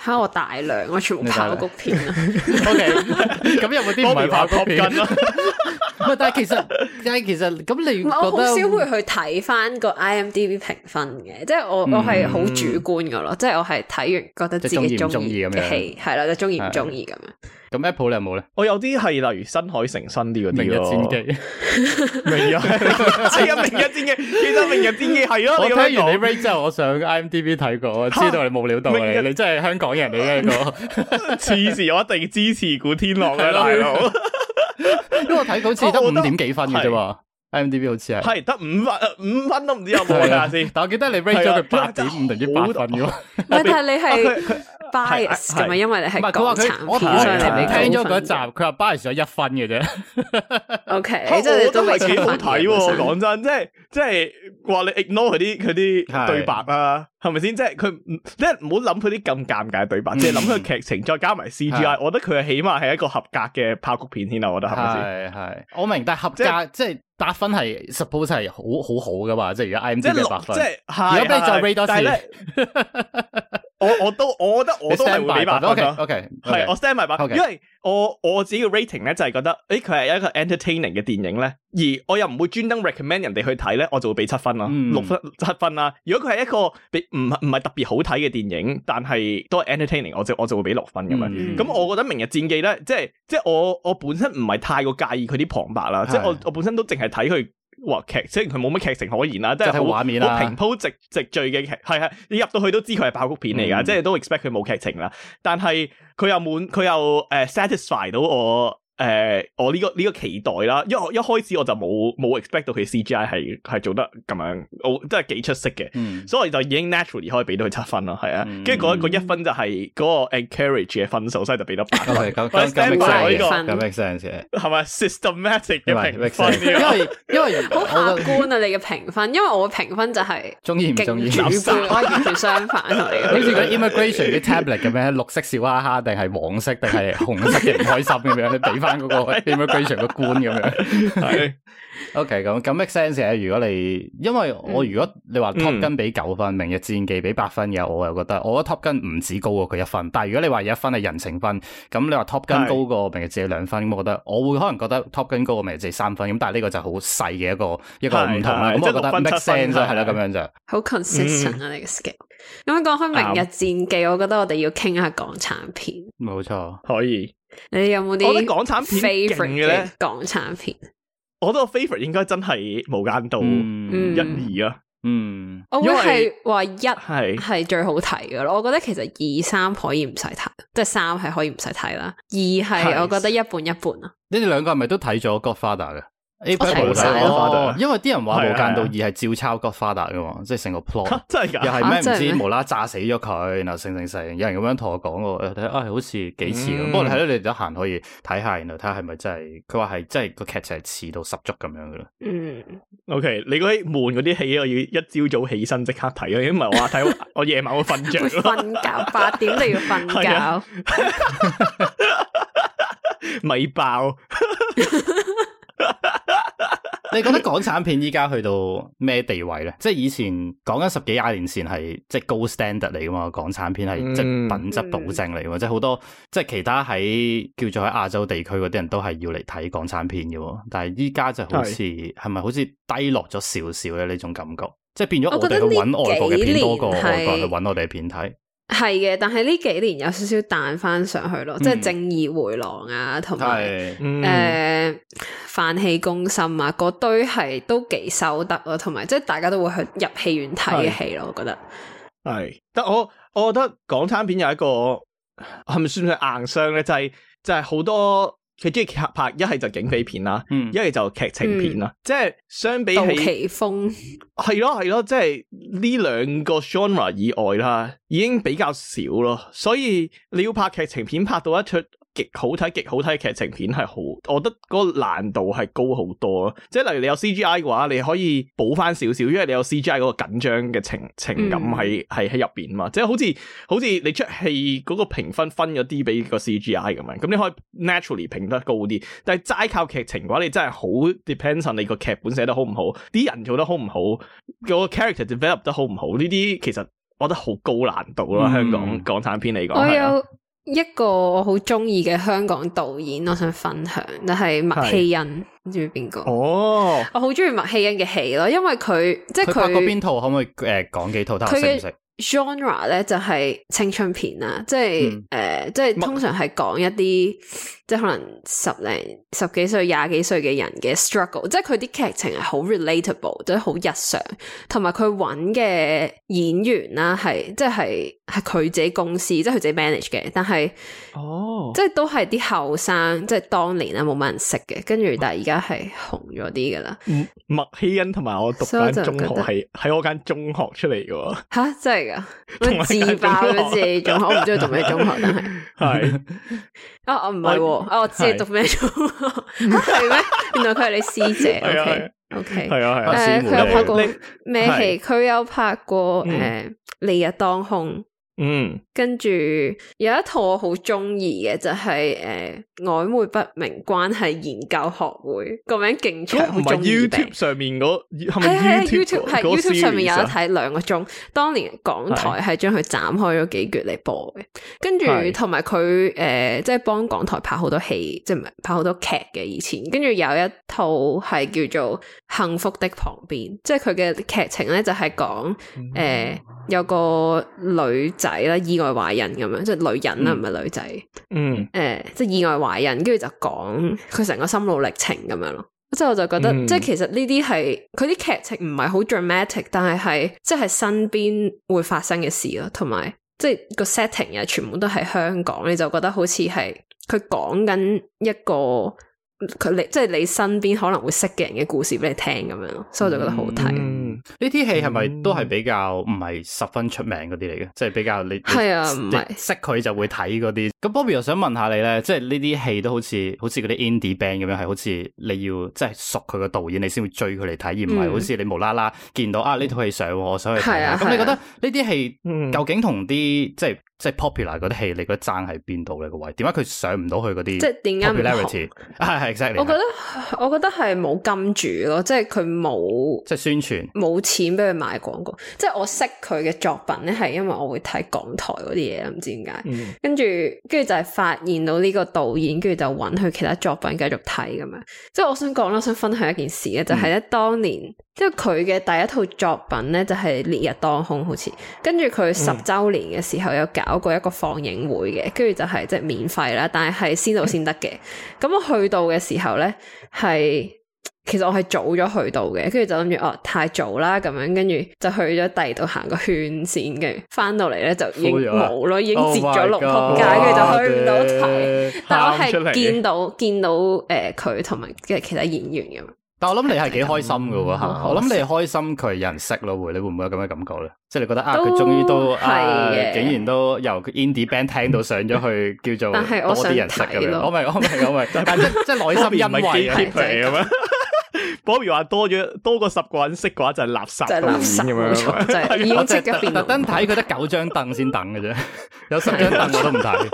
吓我大量，我全部爆谷片，O K，咁有冇啲唔係爆谷片咯？但係其實，但係其實咁你唔覺得？我好少會去睇翻個 IMDB 評分嘅，即係我我係好主觀噶咯，即係我係睇完覺得自己中意，嘅戲係啦，就中意唔中意咁樣。咁 Apple 你有冇咧？我有啲係例如新海誠新啲嗰啲，一明日戰記，明日，明日戰記，記得明日戰記係咯。我睇完你 rate 之後，我上 IMDB 睇過，我知道你冇料到你，你真係香港人嚟嘅個。此時我一定支持古天樂啦，大佬。 因為我睇到好似得五點幾分嘅啫，IMDb 好似係係得五分，五、呃、分都唔知有冇睇下先，但我記得你 rate 咗佢八點五定一八分嘅， 唔係但係你係。Bias 咁啊？因為你係講殘片上嚟。你聽咗嗰集，佢話 Bias 咗一分嘅啫。O K，真係都幾好睇嘅。講真，即係即係話你 ignore 佢啲佢啲對白啊，係咪先？即係佢，即係唔好諗佢啲咁尷尬對白，即係諗佢劇情，再加埋 C G I，我覺得佢起碼係一個合格嘅爆谷片先啦。我覺得係咪先？係，我明，但係合格即係打分係 suppose 係好好好噶嘛？即係而家 I M D 未八分，即係如果俾你再 read 多次。我我都，我覺得我都係會俾八分。O K，係我 stand 埋八，因為我我自己嘅 rating 咧就係覺得，誒佢係一個 entertaining 嘅電影咧，而我又唔會專登 recommend 人哋去睇咧，我就會俾七分啦，六分七分啦。如果佢係一個唔唔係特別好睇嘅電影，但係都係 entertaining，我就我就會俾六分咁樣。咁、嗯、我覺得明日戰記咧，即係即係我我本身唔係太過介意佢啲旁白啦，的即係我我本身都淨係睇佢。哇！劇雖然佢冇乜劇情可言啦，啊，即係好好平鋪直直敍嘅劇，係係，啊，你入到去都知佢係爆谷片嚟㗎，嗯、即係都 expect 佢冇劇情啦。但係佢又滿佢又 satisfy 到我。誒，我呢個呢個期待啦，因為一一開始我就冇冇 expect 到佢 C G I 係係做得咁樣，我即係幾出色嘅，所以就已經 naturally 可以俾到佢七分咯，係啊，跟住嗰一個一分就係嗰個 encourage 嘅分數，所以就俾得八分。咁咁咁，係呢個咁 exactly 係咪 systematic 因為因為好客觀啊，你嘅評分，因為我嘅評分就係中意唔中意，完全相反嚟。好似個 immigration 啲 tablet 咁樣，綠色笑哈哈定係黃色定係紅色嘅唔開心咁樣，你俾翻。嗰個點樣非常嘅官咁樣，係 OK 咁咁 e sense 如果你因為我如果你話 top 跟俾九分，明日戰績俾八分嘅，我又覺得我得 top 跟唔止高過佢一分。但係如果你話有一分係人情分，咁你話 top 跟高過明日只係兩分，我覺得我會可能覺得 top 跟高過明日只係三分。咁但係呢個就好細嘅一個一個唔同啦。咁我覺得 m a k e sense 咧？係啦，咁樣就好 c o n s i s n 啊！你嘅 skill 咁講開明日戰績，我覺得我哋要傾下港產片，冇錯，可以。你有冇啲港產片 favorite 嘅咧？港產片，我覺得個 favorite 應該真係、嗯《無間道》一二啊。嗯，為我會係話一係最好睇嘅咯。是我覺得其實二三可以唔使睇，即係三係可以唔使睇啦。二係我覺得一半一半啊。你哋兩個係咪都睇咗《Godfather》嘅？因為啲人話無間道二係照抄《Godfather》噶嘛，即係成個 plot，又係咩唔知無啦炸死咗佢，然後成成成，有人咁樣同我講，我睇啊，好似幾似咁。不過你睇到，你哋得閒可以睇下，然後睇下係咪真係，佢話係真係個劇情係似到十足咁樣噶啦。嗯，OK，你嗰啲悶嗰啲戲，我要一朝早起身即刻睇，如果唔係我睇，我夜晚會瞓着，瞓覺八點就要瞓覺，咪爆。 你覺得港產片依家去到咩地位咧？即係以前講緊十幾廿年前係即係高 standard 嚟噶嘛？港產片係即品質保證嚟，嘅嘛即係好多即係其他喺叫做喺亞洲地區嗰啲人都係要嚟睇港產片嘅。但係依家就好似係咪好似低落咗少少咧？呢種感覺，即係變咗我哋去揾外國嘅片多過外國去揾我哋嘅片睇。係嘅，但係呢幾年有少少彈翻上去咯，嗯、即係正義回廊啊，同埋誒飯氣攻心啊，嗰、那個、堆係都幾收得咯，同埋即係大家都會去入戲院睇嘅戲咯是我我，我覺得係。得我我覺得港產片有一個係咪算唔算硬傷咧？就係、是、就係、是、好多。佢中意拍一係就警匪片啦，一係、嗯、就劇情片啦，嗯、即係相比起，係咯係咯，即係呢兩個 genre 以外啦，已經比較少咯，所以你要拍劇情片拍到一出。極好睇、極好睇嘅劇情片係好，我覺得嗰個難度係高好多咯。即係例如你有 C G I 嘅話，你可以補翻少少，因為你有 C G I 嗰個緊張嘅情情感喺喺喺入邊嘛。即係好似好似你出戲嗰個評分分咗啲俾個 C G I 咁樣，咁你可以 naturally 評得高啲。但係齋靠劇情嘅話，你真係好 depends on 你個劇本寫得好唔好，啲人做得好唔好，個 character develop 得好唔好呢啲，其實我覺得好高難度咯。香港港產片嚟講係啊。嗯的一個我好中意嘅香港導演，我想分享，就係麥曦茵。你是知唔知邊個？哦，oh, 我好中意麥曦茵嘅戲咯，因為佢即係佢拍過邊套，可唔可以誒講，呃、幾套？睇下識唔識？懂 genre 咧就係、是、青春片啦，即係誒，即係、嗯呃就是、通常係講一啲麥 即係可能十零十幾歲廿幾歲嘅人嘅 struggle，即係佢啲劇情係好 relatable，即都好日常，同埋佢揾嘅演員啦，係即係係佢自己公司，即係佢自己 manage 嘅，但係哦，即係都係啲後生，即、就、係、是、當年啦冇乜人識嘅，跟住但係而家係紅咗啲噶啦。麥希恩同埋我讀間中學係喺我間中學出嚟噶，吓即係。就是 自爆自己中學， 我唔知佢讀咩中學，但係係 是、 啊，啊我唔係，我知你讀咩中學，係咩？ 原來佢係你師姐，O K O K，係啊係，誒佢有拍過咩戲？佢 有拍過誒《烈日當空》你。 嗯，跟住有一套我好中意嘅就係誒曖昧不明關係研究學會，個名勁長，唔係不 YouTube 上面嗰，係係 YouTube 係、嗰個、YouTube 上面有得睇兩個鐘，是是當年港台係將佢斬開咗幾橛嚟播嘅，跟住同埋佢誒即係幫港台拍好多戲，即係唔係拍好多劇嘅以前，跟住有一套係叫做幸福的旁邊，即係佢嘅劇情咧就係講誒有個女仔。嗯仔啦，意外懷孕咁樣，即係女人啦，唔係女仔。嗯，誒、嗯呃，即係意外懷孕，跟住就講佢成個心路歷程咁樣咯。即係我就覺得，嗯、即係其實呢啲係佢啲劇情唔係好 dramatic，但係係即係身邊會發生嘅事咯，同埋即係個 setting 啊，全部都係香港，你就覺得好似係佢講緊一個。佢，你即係你身邊可能會識嘅人嘅故事俾你聽咁樣，所以我就覺得好睇。呢啲戲係咪都係比較唔係十分出名嗰啲嚟嘅？即係比較你係啊，唔係識佢就會睇嗰啲。咁 Bobby 又想問下你咧，即係呢啲戲都好似好似嗰啲 indie band 咁樣，係好似你要即係熟佢個導演，你先會追佢嚟睇，而唔係好似你無啦啦見到啊呢套戲上，我想去睇下。咁你覺得呢啲戲究竟同啲即係？即係 popular 嗰啲戲，你覺得爭喺邊度咧個位？點解佢上唔到去嗰啲？即係點解？係係，exactly。我覺得我覺得係冇金主咯，即係佢冇即係宣傳冇錢俾佢買廣告。即係我識佢嘅作品咧，係因為我會睇港台嗰啲嘢唔知點解。跟住跟住就係發現到呢個導演，跟住就揾佢其他作品繼續睇咁樣。即係我想講我想分享一件事咧，就係咧當年。即係佢嘅第一套作品咧，就係、是、烈日當空，好似跟住佢十周年嘅時候有搞過一個放映會嘅，跟住、嗯、就係即係免費啦，但係係先到先得嘅。咁 我去到嘅時候咧，係其實我係早咗去到嘅，跟住就諗住哦太早啦咁樣，跟住就去咗第二度行個圈先，嘅。跟住翻到嚟咧就已經冇咯，oh、my God, 已經截咗六鋪架，跟住就去唔到睇。但係我係見到見到誒佢同埋嘅其他演員咁。但我諗你係幾開心噶喎，吓我諗你開心佢有人識咯會，你會唔會有咁嘅感覺咧？即係你覺得啊，佢終於都啊，竟然都由 indie band 聽到上咗去叫做多啲人識咁樣。我咪我咪我咪，即係內心欣慰咁咩？Bobby 話多咗多過十個人識嘅話就係垃圾，就係垃圾咁樣，已經即刻變。即係特登睇佢得九張凳先等嘅啫，有十張凳我都唔睇。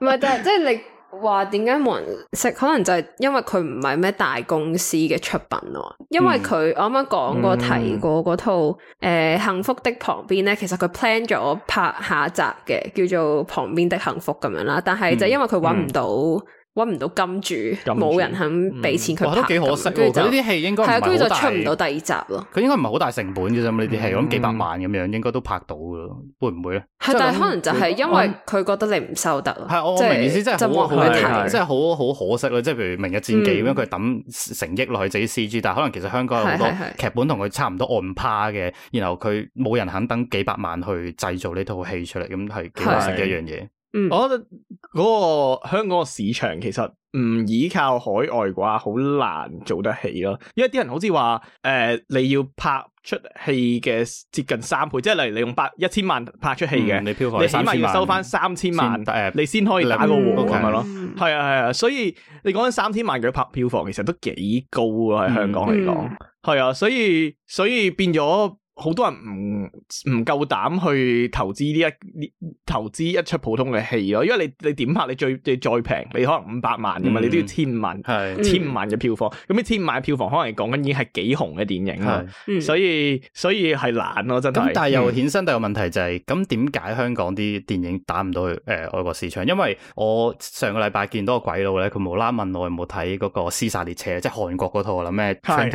唔係，就係即係你。話點解冇人識？可能就係因為佢唔係咩大公司嘅出品咯。因為佢、嗯、我啱啱講過、嗯、提過嗰套誒、呃《幸福的旁邊》咧，其實佢 plan 咗拍下一集嘅，叫做《旁邊的幸福》咁樣啦。但係就是因為佢搵唔到。嗯嗯搵唔到金主，冇人肯俾錢佢拍，覺得幾可惜。呢啲戲應該就出唔到第二集咯。係，佢應該唔係好大成本嘅啫，呢啲戲咁幾百萬咁樣，應該都拍到嘅咯，會唔會咧？係，但係可能就係因為佢覺得你唔收得。係，我明意思即係冇人睇，即係好好可惜咯。即係譬如明日戰記咁樣，佢抌成億落去整啲 C G，但係可能其實香港有好多劇本同佢差唔多按趴嘅，然後佢冇人肯等幾百萬去製造呢套戲出嚟，咁係幾可惜嘅一樣嘢。我覺得嗰個香港嘅市場其實唔依靠海外嘅話，好難做得起咯。因為啲人好似話，誒、呃，你要拍出戲嘅接近三倍，即係例如你用百一千萬拍出戲嘅，嗯，你票房，你起碼要收翻三千萬，誒，先呃、你先可以打個和咁樣咯。係啊係啊，所以你講緊三千萬嘅拍票房，其實都幾高啊，喺香港嚟講。係啊、嗯，所以所以，所以變咗。好多人唔唔夠膽去投資呢一呢投資一出普通嘅戲咯，因為你你點拍你最你再平，你可能五百萬咁啊，你都要千萬，千萬嘅票房。咁呢千萬嘅票房可能係講緊已經係幾紅嘅電影啦。所以所以係難咯真係。但係又衍生第二個問題就係，咁點解香港啲電影打唔到去誒外國市場？因為我上個禮拜見到個鬼佬咧，佢冇啦問我有冇睇嗰個《屍殺列車》，即係韓國嗰套啊啦咩《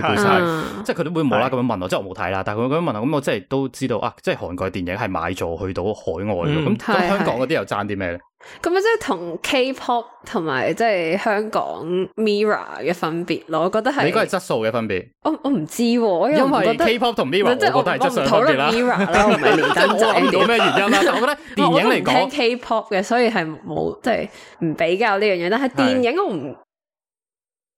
即係佢都會冇啦咁問我，即係我冇睇啦。但係佢咁問。咁我真係都知道啊，即係韓國電影係買咗去到海外咯。咁香港嗰啲又爭啲咩咧？咁啊是，即係同 K-pop 同埋即係香港 Mirror 嘅分別咯。我覺得係，應該係質素嘅分別。 我我唔知，因為 K-pop 同 Mirror，即係我覺得係質素嘅分別啦。我就唔知有咩原因啦、啊。 我覺得電影嚟講 K-pop 嘅，所以係冇即係唔比較呢樣嘢。但係電影我唔，是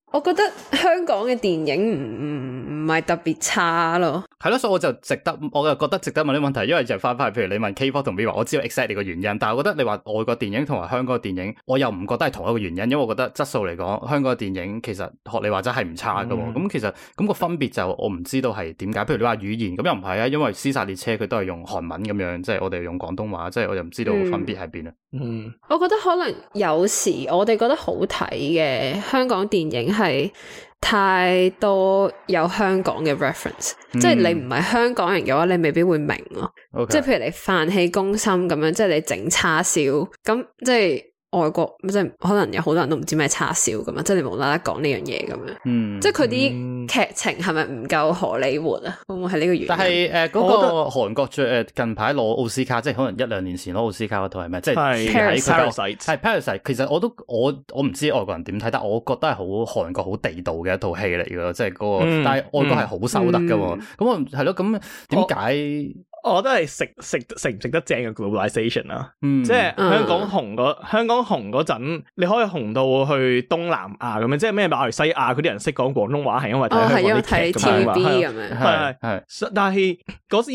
我覺得香港嘅電影唔。唔係特別差咯，係咯，所以我就值得，我就覺得值得問啲問題，因為就翻翻，譬如你問 K Four 同 V f o 我知道 exact l y 個原因，但我覺得你話外國電影同埋香港電影，我又唔覺得係同一個原因，因為我覺得質素嚟講，香港嘅電影其實學你話齋係唔差噶，咁、嗯嗯、其實咁、那個分別就我唔知道係點解，譬如你話語言，咁又唔係啊，因為《獵殺列車》佢都係用韓文咁樣，即、就、係、是、我哋用廣東話，即、就、係、是、我又唔知道分別喺邊啊。嗯，我覺得可能有時我哋覺得好睇嘅香港電影係。太多有香港嘅 reference，即係你唔係香港人嘅話，嗯、你未必會明咯、啊。Okay. 即係譬如你飯氣攻心咁樣，即係你整叉燒咁，即係。外國即係可能有好多人都唔知咩叉燒咁啊，即係你無啦啦講呢樣嘢咁樣，嗯、即係佢啲劇情係咪唔夠荷里活啊？會唔會係呢個原因？但係是誒，嗰、那個韓都國最近排攞奧斯卡，即係可能一兩年前攞奧斯卡嗰套係咩？即係《Parasite》。係《Parasite》。其實我都我我唔知外國人點睇，但係我覺得係好韓國好地道嘅一套戲嚟嘅。即係嗰、那個。嗯、但係外國係好收得噶，咁、嗯嗯、我係咯，咁點解？我覺得係食食食唔食得正嘅 globalization 啦、啊，嗯、即係香港紅嗰、嗯、香港紅嗰陣，你可以紅到去東南亞咁樣，即係咩馬來西亞嗰啲人識講廣東話，係因為睇佢啲劇咁樣。係係，但係嗰時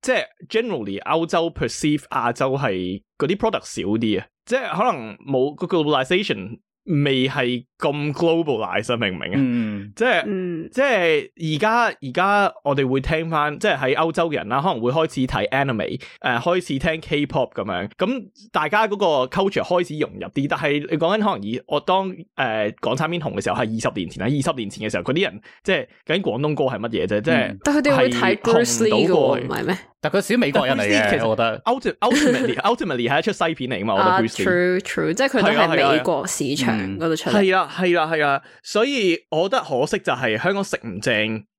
即係 generally 歐洲 perceive 亞洲係嗰啲 product 少啲啊，即係可能冇個 globalization 未係。咁 globalize 啊，明唔明啊？即係即係而家而家我哋會聽翻，即係喺歐洲嘅人啦，可能會開始睇 anime，誒，開始聽 K-pop 咁樣。咁大家嗰個 culture 開始融入啲，但係你講緊可能以我當誒港產片紅嘅時候，係二十年前啦。二十年前嘅時候，嗰啲人即係究竟廣東歌係乜嘢啫？即係但佢哋會睇 Bruce Lee 嘅，唔係咩？但佢少美國人嚟，其實我覺得 ultimately，ultimately 係一出西片嚟啊嘛。True，true，即係佢哋係美國市場嗰度出嚟。係啊，係啊。所以我覺得可惜就係香港食唔正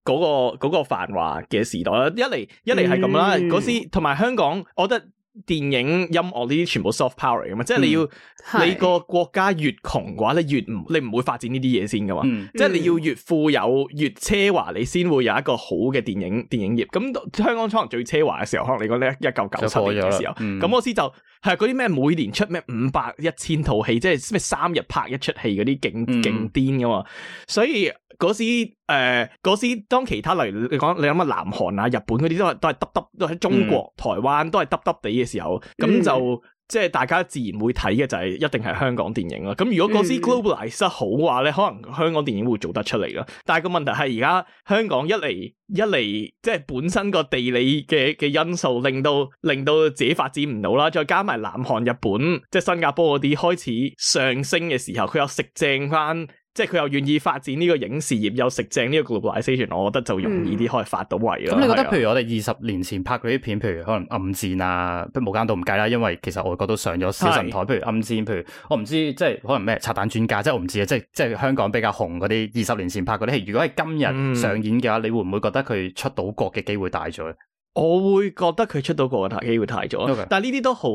嗰、嗰個嗰、嗰個繁華嘅時代啦。一嚟一嚟係咁啦，嗰、嗯、時同埋香港，我覺得電影、音樂呢啲全部 soft power 嚟噶嘛。即係你要、嗯、你個國家越窮嘅話，你越你唔會發展呢啲嘢先噶嘛。嗯、即係你要越富有越奢華，你先會有一個好嘅電影電影業。咁香港可能最奢華嘅時候，可能你覺得一九九七年嘅時候，咁我就，、嗯、就。係嗰啲咩？每年出咩五百一千套戲，即係咩三日拍一出戲嗰啲勁勁癲噶嘛？嗯、所以嗰時誒，呃、嗰時當其他例如你講你諗下南韓啊、日本嗰啲都係都係耷耷，都喺中國，中國、嗯、台灣都係耷耷地嘅時候，咁就。嗯嗯即係大家自然會睇嘅就係一定係香港電影啦。咁如果嗰支 globalize 得好嘅話咧，可能香港電影會做得出嚟啦。但係個問題係而家香港一嚟一嚟，即係本身個地理嘅嘅因素令到令到自己發展唔到啦。再加埋南韓、日本、即係新加坡嗰啲開始上升嘅時候，佢又食正翻。即係佢又願意發展呢個影視業，又食正呢個 globalization，我覺得就容易啲可以發到位咯。咁、嗯、的你覺得譬如我哋二十年前拍嗰啲片，譬如可能暗戰啊、都無間道唔計啦，因為其實外國都上咗小神台，的譬如暗戰，譬如我唔知即係可能咩拆彈專家，即係我唔知啊，即係即係香港比較紅嗰啲二十年前拍嗰啲，如果係今日上演嘅話，嗯、你會唔會覺得佢出到國嘅機會大咗？我會覺得佢出到個機會太咗，Okay. 但係呢啲都好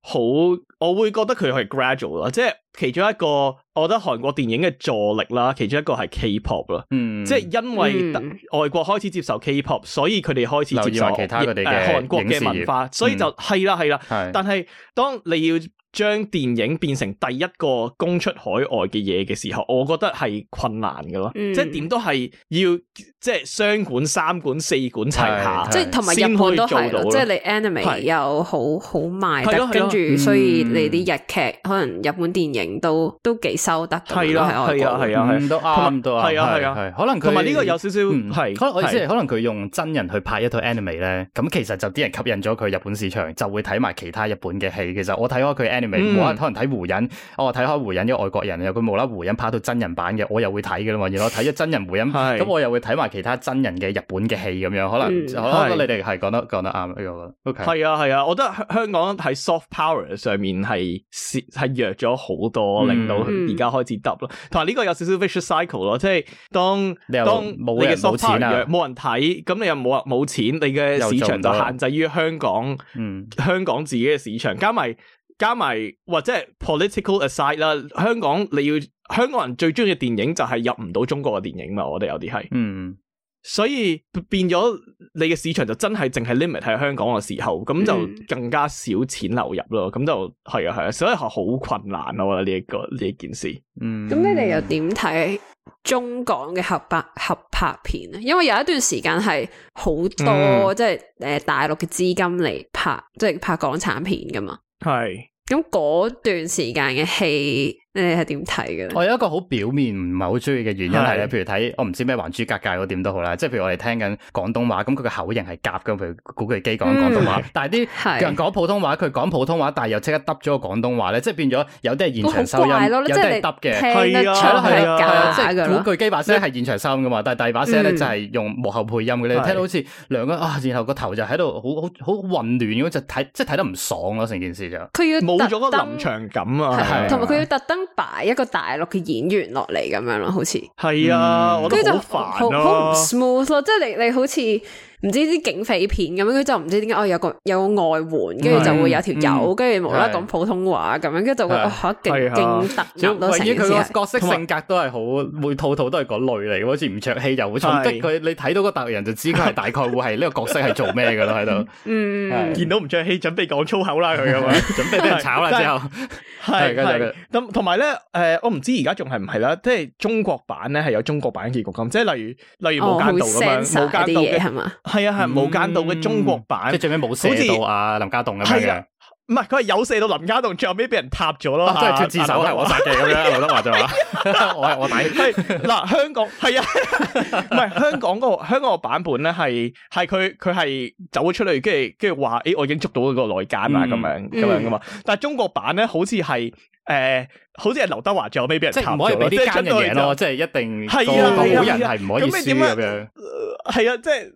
好，我會覺得佢係 gradual 啦，即係其中一個，我覺得韓國電影嘅助力啦，其中一個係 K-pop 啦，嗯，即係因為、嗯、外國開始接受 K-pop，所以佢哋開始接受其他佢哋嘅韓國嘅文化，嗯、所以就係啦係啦，啦啦是但係當你要。將電影變成第一個攻出海外嘅嘢嘅時候，我覺得係困難嘅咯。即係點都係要即係雙管、三管、四管齊下，即係同埋日本都係即係你 anime 有好好賣，跟住所以你啲日劇可能日本電影都都幾收得。係咯，係啊，係啊，都啱，都啱。係啊，係啊，係。可能佢同埋呢個有少少，係可能我意思可能佢用真人去拍一套 anime 咧，咁其實就啲人吸引咗佢日本市場，就會睇埋其他日本嘅戲。其實我睇開佢。冇人可能睇胡人，哦睇開胡人啲外國人又佢冇啦，胡人拍到真人版嘅，我又會睇嘅啦嘛，如果我睇咗真人胡人，咁我又會睇埋其他真人嘅日本嘅戲咁樣，可能，可能你哋係講得講得啱呢個，OK。係啊係啊，我覺得香港喺 soft power 上面係係弱咗好多，令到而家開始揼咯，同埋呢個有少少 vicious cycle 咯，即係當當冇人冇錢啊，冇人睇，咁你又冇啊冇錢，你嘅市場就限制於香港，香港自己嘅市場加埋。加埋或者係 political aside 啦，香港你要香港人最中意嘅電影就係入唔到中國嘅電影嘛？我哋有啲係，嗯，所以變咗你嘅市場就真係淨係 limit 喺香港嘅時候，咁就更加少錢流入咯，咁、嗯、就係啊係啊，所以係好困難咯、啊。呢一個呢一件事，嗯，咁你哋又點睇中港嘅合拍合拍片啊？因為有一段時間係好多、嗯、即係誒、呃、大陸嘅資金嚟拍，即係拍港產片噶嘛。係，咁嗰、 嗯、段時間嘅戲。你係點睇嘅？我有一個好表面唔係好中意嘅原因係咧，譬如睇我唔知咩《還珠格格》嗰點都好啦，即係譬如我哋聽緊廣東話，咁佢嘅口型係夾，咁譬如古巨基講廣東話，但係啲人講普通話，佢講普通話，但係又即刻耷咗個廣東話咧，即係變咗有啲係現場收音，有啲係耷嘅，係啊，係即係古巨基把聲係現場收音嘅嘛，但係第二把聲咧就係用幕後配音嘅，你聽到好似兩個啊，然後個頭就喺度好好好混亂咁就睇，即係睇得唔爽咯，成件事就佢要冇咗個臨場感啊，同埋佢要特登。擺一個大陸嘅演員落嚟咁樣咯，好似係啊，跟住就好煩咯，好唔 smooth 咯，啊、即係你你好似。唔知啲警匪片咁樣，佢就唔知點解有個有個外援，跟住就會有條友，跟住無啦講普通話咁樣，跟住就覺得勁勁得，同埋佢個角色性格都係好，每套套都係講類嚟，好似吳卓羲又會重啲。佢你睇到個大陸人就知佢係大概會係呢個角色係做咩㗎喇喺度。嗯，見到吳卓羲，準備講粗口啦佢咁樣，準備俾人炒啦之後，係跟住咁，同埋咧，誒我唔知而家仲係唔係啦，即係中國版咧係有中國版嘅結局，即係例如例如冇間道咁樣冇街道嘅係嘛？係啊，係無間道嘅中國版，即係最尾冇射到啊。林家棟咁樣嘅。唔係，佢係有射到林家棟，最後尾俾人塌咗咯。即係自首。係我殺嘅咁樣，劉德華就話：我係我打。嗱，香港係啊，唔係香港嗰個香港個版本咧，係係佢佢係走咗出嚟，跟住跟住話：誒，我已經捉到嗰個內奸啊，咁樣咁樣噶嘛。但係中國版咧，好似係誒，好似係劉德華最後尾俾人即唔可以俾啲奸嘅嘢咯，即係一定啊，冇人係唔可以輸。係啊，即係。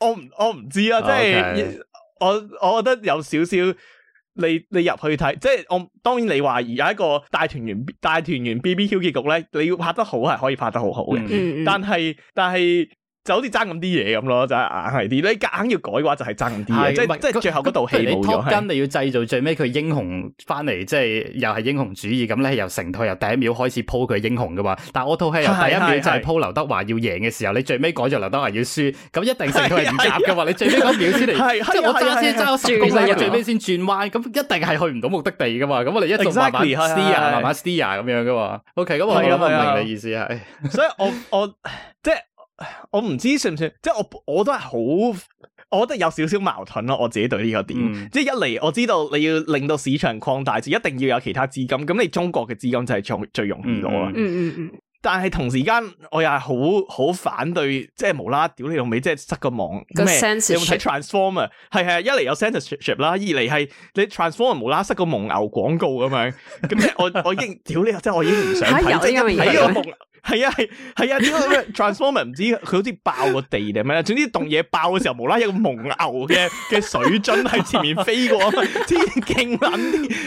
我唔我唔知啊，即係 Okay. 我我覺得有少少你你入去睇，即係我當然你話而家有一個大團圓大團圓 BBQ 結局咧，你要拍得好係可以拍得好好嘅、mm hmm.，但係但係。就好似爭咁啲嘢咁咯，就硬係啲你硬要改嘅話就係爭咁啲嘢，即係即係最後嗰套戲，你托根你要製造最尾佢英雄翻嚟，即係又係英雄主義咁咧，由成套由第一秒開始鋪佢英雄㗎嘛，但我套戲由第一秒就係鋪劉德華要贏嘅時候，你最尾改咗劉德華要輸，咁一定成套係唔夾噶嘛？你最尾嗰秒先嚟，即係我揸車揸十公里，我最尾先轉彎，咁一定係去唔到目的地噶嘛？咁我哋一路慢慢撕啊，慢慢撕啊咁樣噶嘛？OK，咁我我明你意思係，所以我我即係。我唔知算唔算，即係我我都係好，我覺得有少少矛盾咯、啊。我自己對呢個點，嗯、即係一嚟我知道你要令到市場擴大，就一定要有其他資金。咁你中國嘅資金就係最最容易咗啦、嗯。嗯嗯嗯。嗯但係同時間我又係好好反對，即係無啦屌你老味，即係塞個網咩？The censorship. 你有冇睇 transformer 係係，一嚟有 censorship 啦，二嚟係你 transform 無啦塞個蒙牛廣告咁樣。咁我 我已經屌你即係我已經唔想睇，真係睇個 係啊係係啊，點解咩 Transformer 唔知佢好似爆個地定咩啦？總之凍嘢爆嘅時候，無啦啦一個蒙牛嘅嘅水樽喺前面飛過，天勁卵！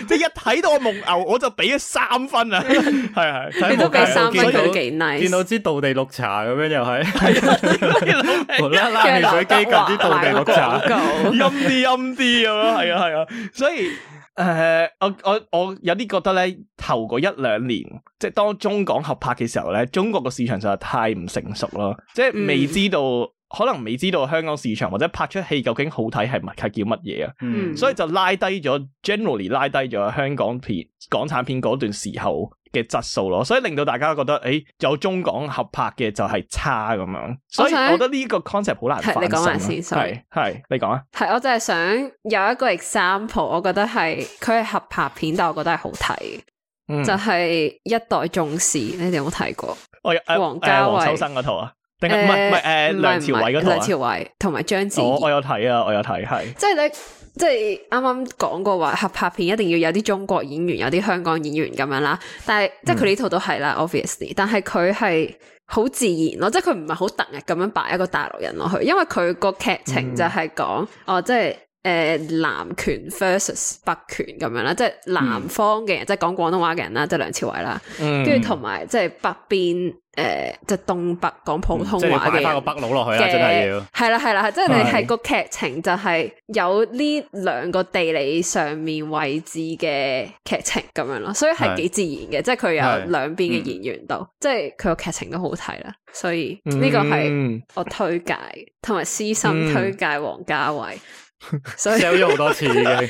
即係一睇到個蒙牛，我就俾咗三分啊！係係，你都俾三分佢幾 nice？見到支道地綠茶咁樣又係，無啦啦汽水機夾啲道地綠茶，陰啲陰啲咁樣，係啊係啊，所以。誒、uh，我我我有啲覺得咧，頭嗰一兩年，即係當中港合拍嘅時候咧，中國個市場實在太唔成熟咯，即係未知道，嗯、可能未知道香港市場或者拍出戲究竟好睇係咪係叫乜嘢啊？嗯、所以就拉低咗，嗯、Generally 拉低咗香港片港產片嗰段時候。嘅質素咯，所以令到大家覺得，誒、哎、有中港合拍嘅就係差咁樣，所以我覺得呢個 concept 好難睇。你講埋先，係係你講啊。係我就係想有一個 example，我覺得係佢係合拍片，但係我覺得係好睇。嗯、就係一代宗師，你哋有冇睇過？我黃、啊、家，呃、秋生嗰套啊？定係唔係？唔係誒，梁朝偉嗰套，梁朝偉同埋章子怡我。我我有睇啊，我有睇，係即係。 即係啱啱講過話合拍片一定要有啲中國演員有啲香港演員咁樣啦，但係、嗯、即係佢呢套都係啦，obviously，但係佢係好自然咯，即係佢唔係好突然咁樣擺一個大陸人落去，因為佢個劇情就係講、嗯、哦，即係。誒，南拳 versus 北拳咁樣啦，即係南方嘅人，嗯、即係講廣東話嘅人啦，即、就、係、是、梁朝偉啦，跟住同埋即係北邊，誒、呃，即係東北講普通話嘅人、嗯，即係翻個北佬落去啦，的真係要係啦係啦，即係、啊啊啊就是、你係個劇情就係有呢兩個地理上面位置嘅劇情咁樣咯，所以係幾自然嘅，是即係佢有兩邊嘅演員度，嗯、即係佢個劇情都好睇啦，所以呢個係我推介，同埋、嗯、私心推介王家衛。 所以 sell 咗好多次嘅，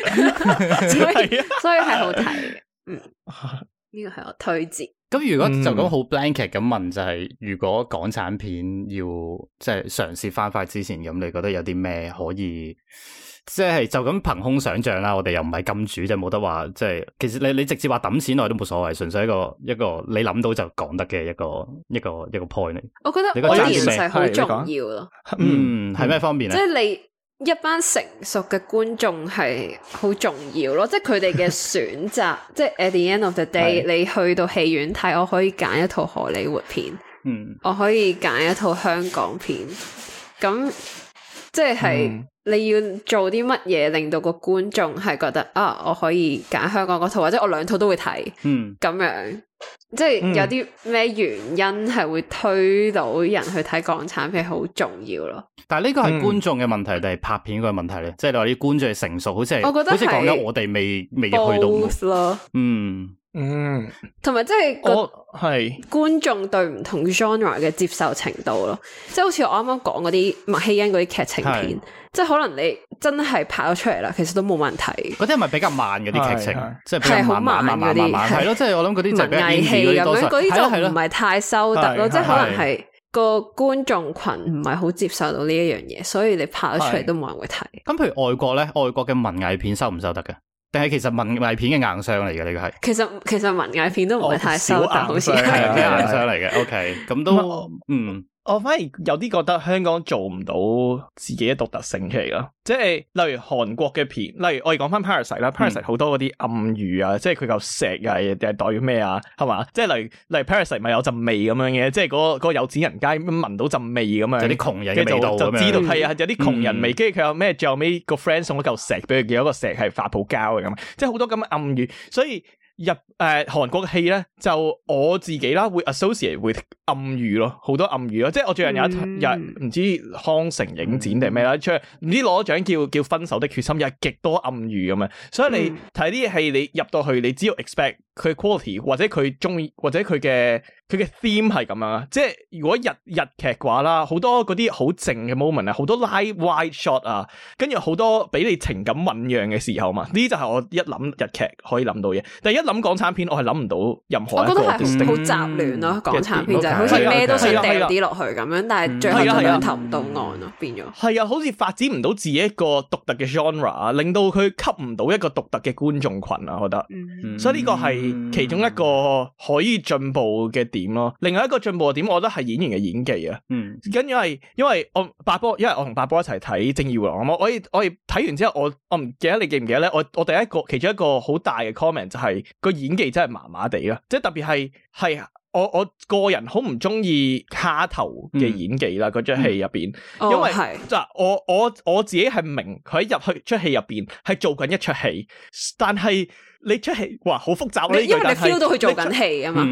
所以所以係好睇嘅。嗯，呢個係我推薦。咁、嗯、如果就咁好 blanket 咁問、就是，就係如果港產片要即係嘗試翻快之前，咁你覺得有啲咩可以？即係就咁、是、憑空想象啦。我哋又唔係金主，即係冇得話。即、就、係、是、其實你你直接話抌錢我都冇所謂，純粹一個一個你諗到就講得嘅一個一個一個 point。嚟。我覺得我嘅現實好重要咯。嗯，係咩、嗯嗯、方面咧？即係你。一班成熟嘅觀眾係好重要咯，即係佢哋嘅選擇， 即係 at the end of the day，是你去到戲院睇，我可以揀一套荷里活片，嗯、我可以揀一套香港片，咁即係、嗯、你要做啲乜嘢令到個觀眾係覺得啊，我可以揀香港嗰套，或者我兩套都會睇，咁、嗯、樣。即係有啲咩原因係會推到人去睇港產片好重要咯？嗯、但係呢個係觀眾嘅問題定係拍片嘅問題咧？即係你話啲觀眾成熟，好似係，我覺得好似講緊我哋未未去到咯，了嗯。嗯，同埋即係嗰個係觀眾對唔同 genre 嘅接受程度咯，即係好似我啱啱講嗰啲麥曦茵嗰啲劇情片，即係可能你真係拍咗出嚟啦，其實都冇問題。嗰啲係咪比較慢嗰啲劇情？即係係好慢慢慢慢係咯，即係我諗嗰啲就藝戲咁樣，嗰啲就唔係太收得咯。即係可能係個觀眾群唔係好接受到呢一樣嘢，所以你拍咗出嚟都冇人會睇。咁譬如外國咧，外國嘅文藝片收唔收得㗎？但係其實文藝片嘅硬傷嚟嘅呢個係，其實其實文藝片都唔係太收得，好似係硬傷嚟嘅。 OK，咁都什麼 嗯。我反而有啲覺得香港做唔到自己嘅獨特性出嚟咯，即係例如韓國嘅片，例如我哋講翻《Parasite》啦，《Parasite》好多嗰啲暗喻啊，即係佢嚿石啊，定係代表咩啊，係嘛？即係例如，例如《Parasite》咪有陣味咁樣嘅，即係嗰、嗰個有錢、嗰個、人街聞到陣味咁樣，有啲窮人嘅味道咁樣，係、嗯、啊，有啲窮人味，跟住佢有咩最後尾個 friend 送咗嚿石畀佢，有一個石係發泡膠嘅咁，即係好多咁嘅暗喻，所以。入誒、呃、韓國嘅戲咧，就我自己啦，會 associate 會暗喻咯，好多暗喻咯，即係我最近有一、嗯、日唔知康城影展定咩啦，出唔知攞獎，叫叫分手的決心，又係極多暗喻咁樣。所以你睇啲、嗯、戲，你入到去，你只要 expect 佢 quality 或者佢中意或者佢嘅佢嘅 theme 係咁樣。即係如果日日劇嘅話啦，好多嗰啲好靜嘅 moment 啊，好多 live wide shot 啊，跟住好多俾你情感醞釀嘅時候嘛，呢就係我一諗日劇可以諗到嘢。第一。諗港產片，我係諗唔到任何一個點。我覺得係好雜亂咯，港產片就好似咩都想掟啲落去咁樣，但係最後又投唔到岸咯，變咗。係啊，好似發展唔到自己一個獨特嘅 genre 令到佢吸唔到一個獨特嘅觀眾群啊，我覺得。所以呢個係其中一個可以進步嘅點咯。另外一個進步嘅點，我覺得係演員嘅演技啊。嗯，跟住係，因為我白波，因為我同白波一齊睇《正義聯盟》。我我我哋睇完之後，我我唔記得你記唔記得咧？我我第一個其中一個好大嘅 comment 就係。個演技真係麻麻地啦，即係特別係係我我個人好唔中意卡頭嘅演技啦，嗰出戲入邊，面嗯、因為就、哦、我我我自己係明佢喺入去出戲入邊係做緊一出戲，但係。你出戲哇，好複雜。你因為你 feel 到佢做緊戲啊嘛，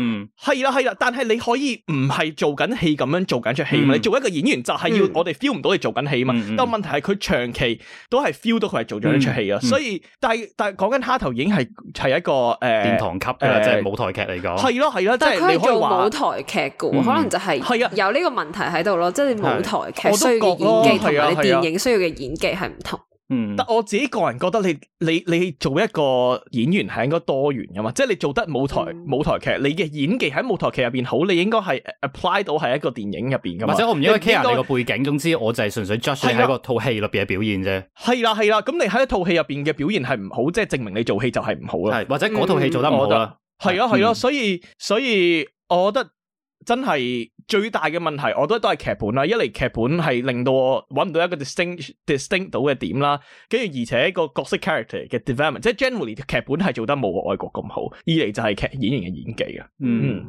係啦係啦，但係你可以唔係做緊戲咁樣做緊出戲嘛？你做一個演員就係要我哋 feel 唔到你做緊戲嘛？但係問題係佢長期都係 feel 到佢係做咗呢出戲啊，所以但係但係講緊蝦頭已經係係一個誒殿堂級誒，即係舞台劇嚟講係咯係咯，即係佢係做舞台劇嘅，可能就係有呢個問題喺度咯，即係你舞台劇需要嘅演技同埋你電影需要嘅演技係唔同。但我自己個人覺得你你你做一個演員係應該多元噶嘛，即係你做得舞台、嗯、舞台劇，你嘅演技喺舞台劇入邊好，你應該係 apply 到喺一個電影入邊。或者我唔應該 care 你個背景，總之我就係純粹 judge 你喺個套戲入邊嘅表現啫。係啦，係啦，咁你喺一套戲入邊嘅表現係唔好，即係證明你做戲就係唔好啦。或者嗰套戲做得唔好啦。係啊，係啊，所以所以我覺得。真係最大嘅問題，我覺得都係劇本啦。一嚟劇本係令到我揾唔到一個 distinct distinct 到嘅點啦，跟住而且個角色 character 嘅 development，即係 generally 劇本係做得冇外國咁好。二嚟就係演演員嘅演技啊。嗯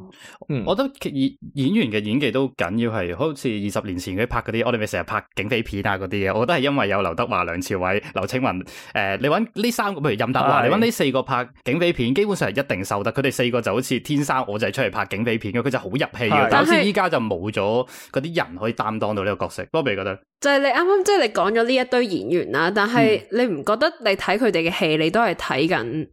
嗯，我覺得演演員嘅演技都緊要係，好似二十年前佢拍嗰啲，我哋咪成日拍警匪片啊嗰啲嘅。我覺得係因為有劉德華、梁朝偉、劉青雲，誒、呃，你揾呢三個，譬如任達華，的你揾呢四個拍警匪片，基本上係一定受得。佢哋四個就好似天生我就係出嚟拍警匪片嘅，佢就好入但係依家就冇咗嗰啲人可以擔當到呢個角色。波比覺得，就係你啱啱即係你講咗呢一堆演員啦，但係你唔覺得你睇佢哋嘅戲，你都係睇緊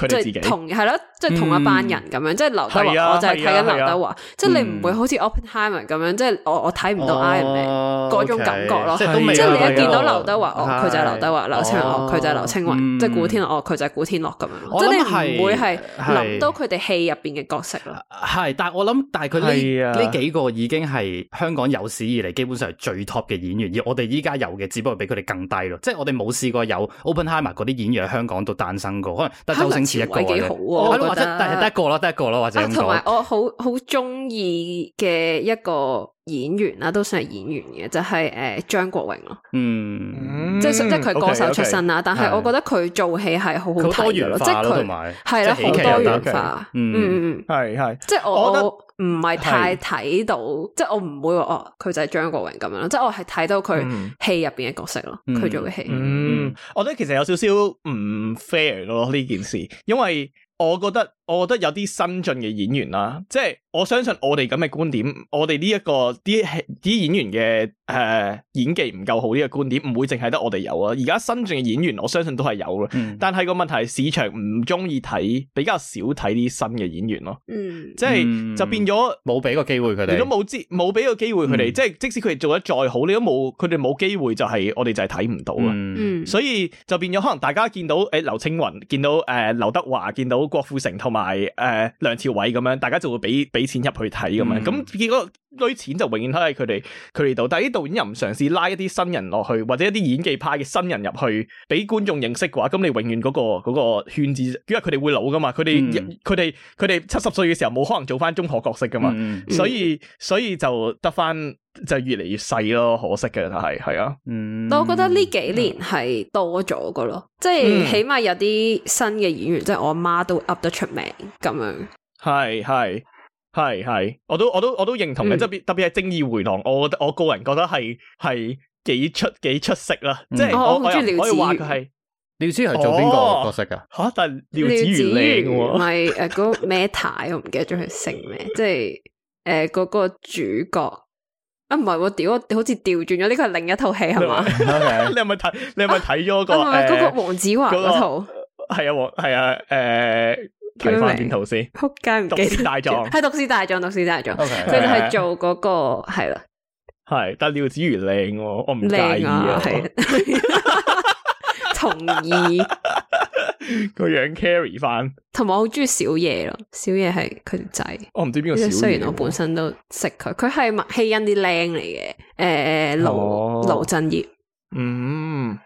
佢哋自己，即係同係咯。即係同一班人咁樣，即係劉德華，我就係睇緊劉德華。即係你唔會好似 Oppenheimer 咁樣，即係我我睇唔到 Iron Man 嗰種感覺咯。即係你一見到劉德華，哦，佢就係劉德華；劉青雲，哦，佢就係劉青雲。即係古天樂，哦，佢就係古天樂咁樣。即係你唔會係諗到佢哋戲入邊嘅角色啦。係，但係我諗，但係佢哋呢幾個已經係香港有史以嚟基本上係最 top 嘅演員，而我哋依家有嘅只不過比佢哋更低咯。即係我哋冇試過有 Oppenheimer 嗰啲演員喺香港度誕生過，可能得周星馳一個咧。但係得一個咯，得一個咯，或者同埋我好好中意嘅一個演員啦，都算係演員嘅，就係誒張國榮咯。嗯，即係雖然佢歌手出身啦，但係我覺得佢做戲係好好睇嘅咯，即係佢係啦好多元化。嗯嗯，係係，即係我覺得唔係太睇到，即係我唔會話哦，佢就係張國榮咁樣咯，即係我係睇到佢戲入邊嘅角色咯，佢做嘅戲。嗯，我覺得其實有少少唔 fair 咯呢件事，因為。我覺得。我覺得有啲新進嘅演員啦，即係我相信我哋咁嘅觀點，我哋呢一個啲啲演員嘅誒、呃、演技唔夠好呢，這個觀點唔會淨係得我哋有啊，而家新進嘅演員我相信都係有咯，嗯、但係個問題係市場唔中意睇，比較少睇啲新嘅演員咯，嗯、即係就變咗冇俾個機會佢哋，如果冇知冇俾個機會佢哋，即係、嗯、即使佢哋做得再好，你都冇佢哋冇機會就係、是、我哋就係睇唔到啊，嗯嗯、所以就變咗可能大家見到誒劉、欸、青雲，見到誒劉、呃、德華，見到郭富城同同埋誒梁朝偉咁樣，大家就會俾俾錢入去睇咁樣，咁、嗯、結果堆錢就永遠都喺佢哋佢哋度。但係啲導演又唔嘗試拉一啲新人落去，或者一啲演技派嘅新人入去俾觀眾認識嘅話，咁你永遠嗰個嗰個圈子，因為佢哋會老㗎嘛，佢哋佢哋佢哋七十歲嘅時候冇可能做返中學角色㗎嘛，所以所以就得返，就越嚟越細咯，可惜嘅係係啊。嗯，我覺得呢幾年係多咗噶咯，即係起碼有啲新嘅演員，即係我阿媽都 up 得出名咁樣。係係係係，我都我都我都認同嘅，即特別特別係正義回廊，我覺我個人覺得係係幾出幾出色啦。即係我我我話係廖子妤做邊個角色噶吓？但廖子妤嚟嘅喎，唔係誒嗰咩太，我唔記得咗佢姓咩，即係誒嗰個主角。啊，唔係喎，屌，好似調轉咗，呢個係另一套戲係嘛？你係咪睇？你係咪睇咗個？嗰個黃子華嗰套。係啊，黃係啊，誒，睇翻邊套先？撲街唔記得，毒舌大狀，係毒舌大狀，毒舌大狀，佢就係做嗰個係啦。係但廖子妤靚，我唔介意啊。同意。個 樣 carry 翻，同埋我好中意小野咯，小野係佢條仔，我唔、哦、知邊個小。雖然我本身都識佢，佢係麥希恩啲靚嚟嘅，誒、呃，盧盧振業，嗯、哦。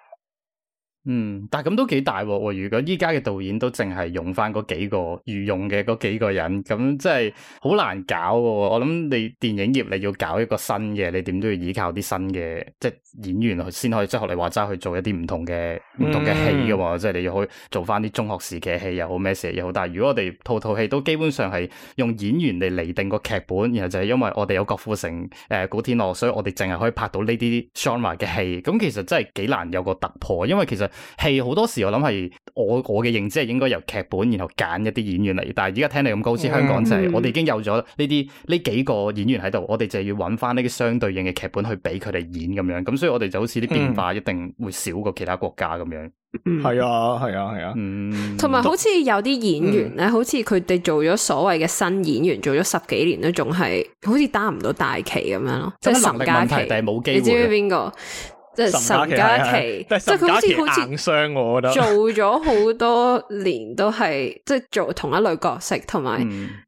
嗯，但係咁都幾大喎！如果依家嘅導演都淨係用翻嗰幾個御用嘅嗰幾個人，咁真係好難搞嘅。我諗你電影業你要搞一個新嘅，你點都要依靠啲新嘅，即係演員去先可以即學你話齋去做一啲唔同嘅唔同嘅戲噶，即係你要去做翻啲中學時期嘅戲又好咩事又好。但係如果我哋套套戲都基本上係用演員嚟厘定個劇本，然後就係因為我哋有郭富城、誒、呃、古天樂，所以我哋淨係可以拍到呢啲 genre 嘅戲。咁其實真係幾難有個突破，因為其實。係好多時我諗係我我嘅認知係應該由劇本，然後揀一啲演員嚟。但係而家聽你咁高，好似香港就係我哋已經有咗呢啲呢幾個演員喺度，我哋就要揾翻呢啲相對應嘅劇本去俾佢哋演咁樣，咁所以我哋就好似啲變化一定會少過其他國家咁樣。係啊，係啊，係啊。同埋好似有啲演員咧，好似佢哋做咗所謂嘅新演員，做咗十幾年都仲係好似打唔到大旗咁樣咯，即係能力問題定係冇機會？你知唔知邊個？即係陳嘉琪，即係佢好似好似硬傷，我覺得做咗好多年都係 即係做同一類角色，同埋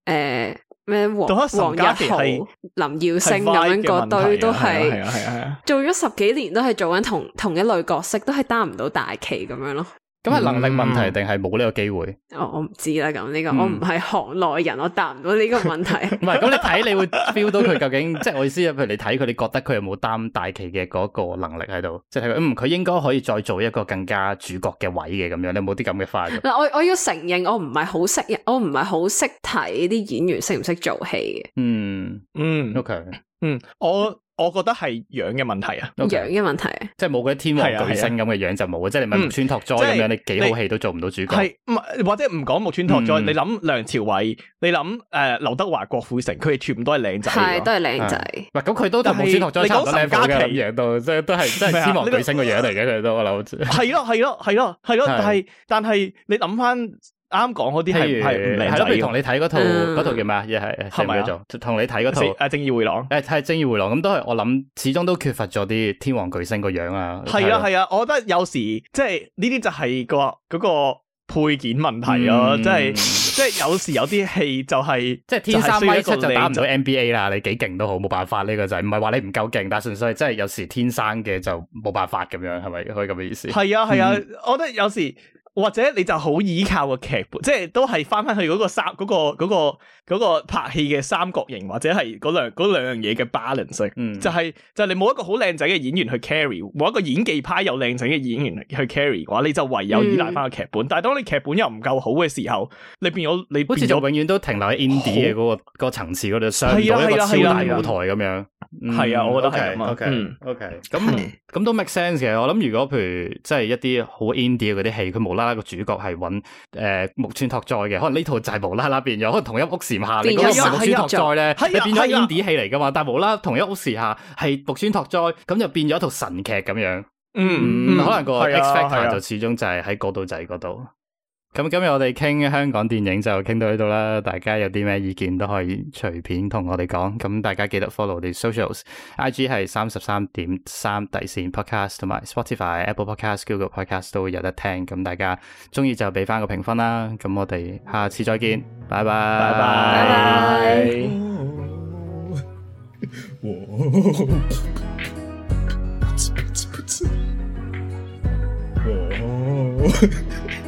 誒咩王王一豪、林耀星咁樣嗰堆、啊、都係是是做咗十幾年都係做緊同同一類角色，都係擔唔到大旗咁樣咯。咁係能力問題定係冇呢個機會？哦，我唔知啦，咁呢、呢個、嗯、我唔係行內人，我答唔到呢個問題。唔係， 咁你睇你會 feel 到佢究竟，即係 我意思啊。譬如你睇佢，你覺得佢有冇擔大旗嘅嗰個能力喺度？即係佢，嗯，佢應該可以再做一個更加主角嘅位嘅咁樣。你有冇啲咁嘅快？嗱、嗯，我我要承認我，我唔係好識，我唔係好識睇啲演員識唔識做戲嘅。懂懂戲，嗯嗯，OK，嗯，我。我覺得係樣嘅問題啊，樣嘅問題啊，即係冇嗰啲天王巨星咁嘅樣就冇嘅，即係你木村拓哉咁樣，你幾好戲都做唔到主角。係，或者唔講木村拓哉，你諗梁朝偉，你諗誒劉德華、郭富城，佢哋全部都係靚仔，係都係靚仔。咁佢都係木村拓哉差唔多嘅樣，都即係都係即係天王巨星嘅樣嚟嘅，佢都我諗係咯係咯係咯係咯，但係但係你諗翻。啱講嗰啲，係係係，譬如同你睇嗰套嗰套叫咩啊？亦係，係咪啊？同同你睇嗰套啊，正義回廊。誒，睇正義回廊咁都係，我諗始終都缺乏咗啲天王巨星個樣啊。係啊係啊，我覺得有時即係呢啲就係個個配件問題咯，即係即係有時有啲戲就係即係天生米七就打唔到 NBA 啦。你幾勁都好，冇辦法呢個就唔係話你唔夠勁，但係純粹即係有時天生嘅就冇辦法咁樣，係咪可以咁嘅意思？係啊係啊，我覺得有時。或者你就好依靠個劇本，即係都係翻翻去嗰個三、嗰個、嗰個、嗰個拍戲嘅三角形，或者係嗰兩嗰兩樣嘢嘅 balance 性，就係就你冇一個好靚仔嘅演員去 carry，冇一個演技派又靚仔嘅演員去 carry 嘅話，你就唯有依賴翻個劇本。嗯、但係當你劇本又唔夠好嘅時候，你變咗你變咗好似就永遠都停留喺 indie 嘅嗰個、嗰個層次嗰度，上唔到一個超大舞台咁樣。係啊，我覺得係咁啊。嗯，OK，咁咁都 make sense 嘅。我諗如果譬如即係一啲好 indie 嗰啲戲，佢無啦啦個主角係搵誒木村拓哉嘅，可能呢套就係無啦啦變咗，可能同一屋檐下，你個木成村拓哉咧，你、啊啊啊、變咗 indie 戲嚟噶嘛？但係無啦，同一屋檐下係木村拓哉，咁就變咗一套神劇咁樣。嗯，嗯嗯可能個 expect 就始終就係喺度就係嗰度。咁今日我哋傾香港電影就傾到呢度啦，大家有啲咩意見都可以隨便同我哋講。咁大家記得 follow 啲 socials，IG 係三十三點三底線 podcast，同埋 Spotify、Apple Podcast、Google Podcast 都有得聽。咁大家中意就俾翻個評分啦。咁我哋下次再見，拜拜拜拜。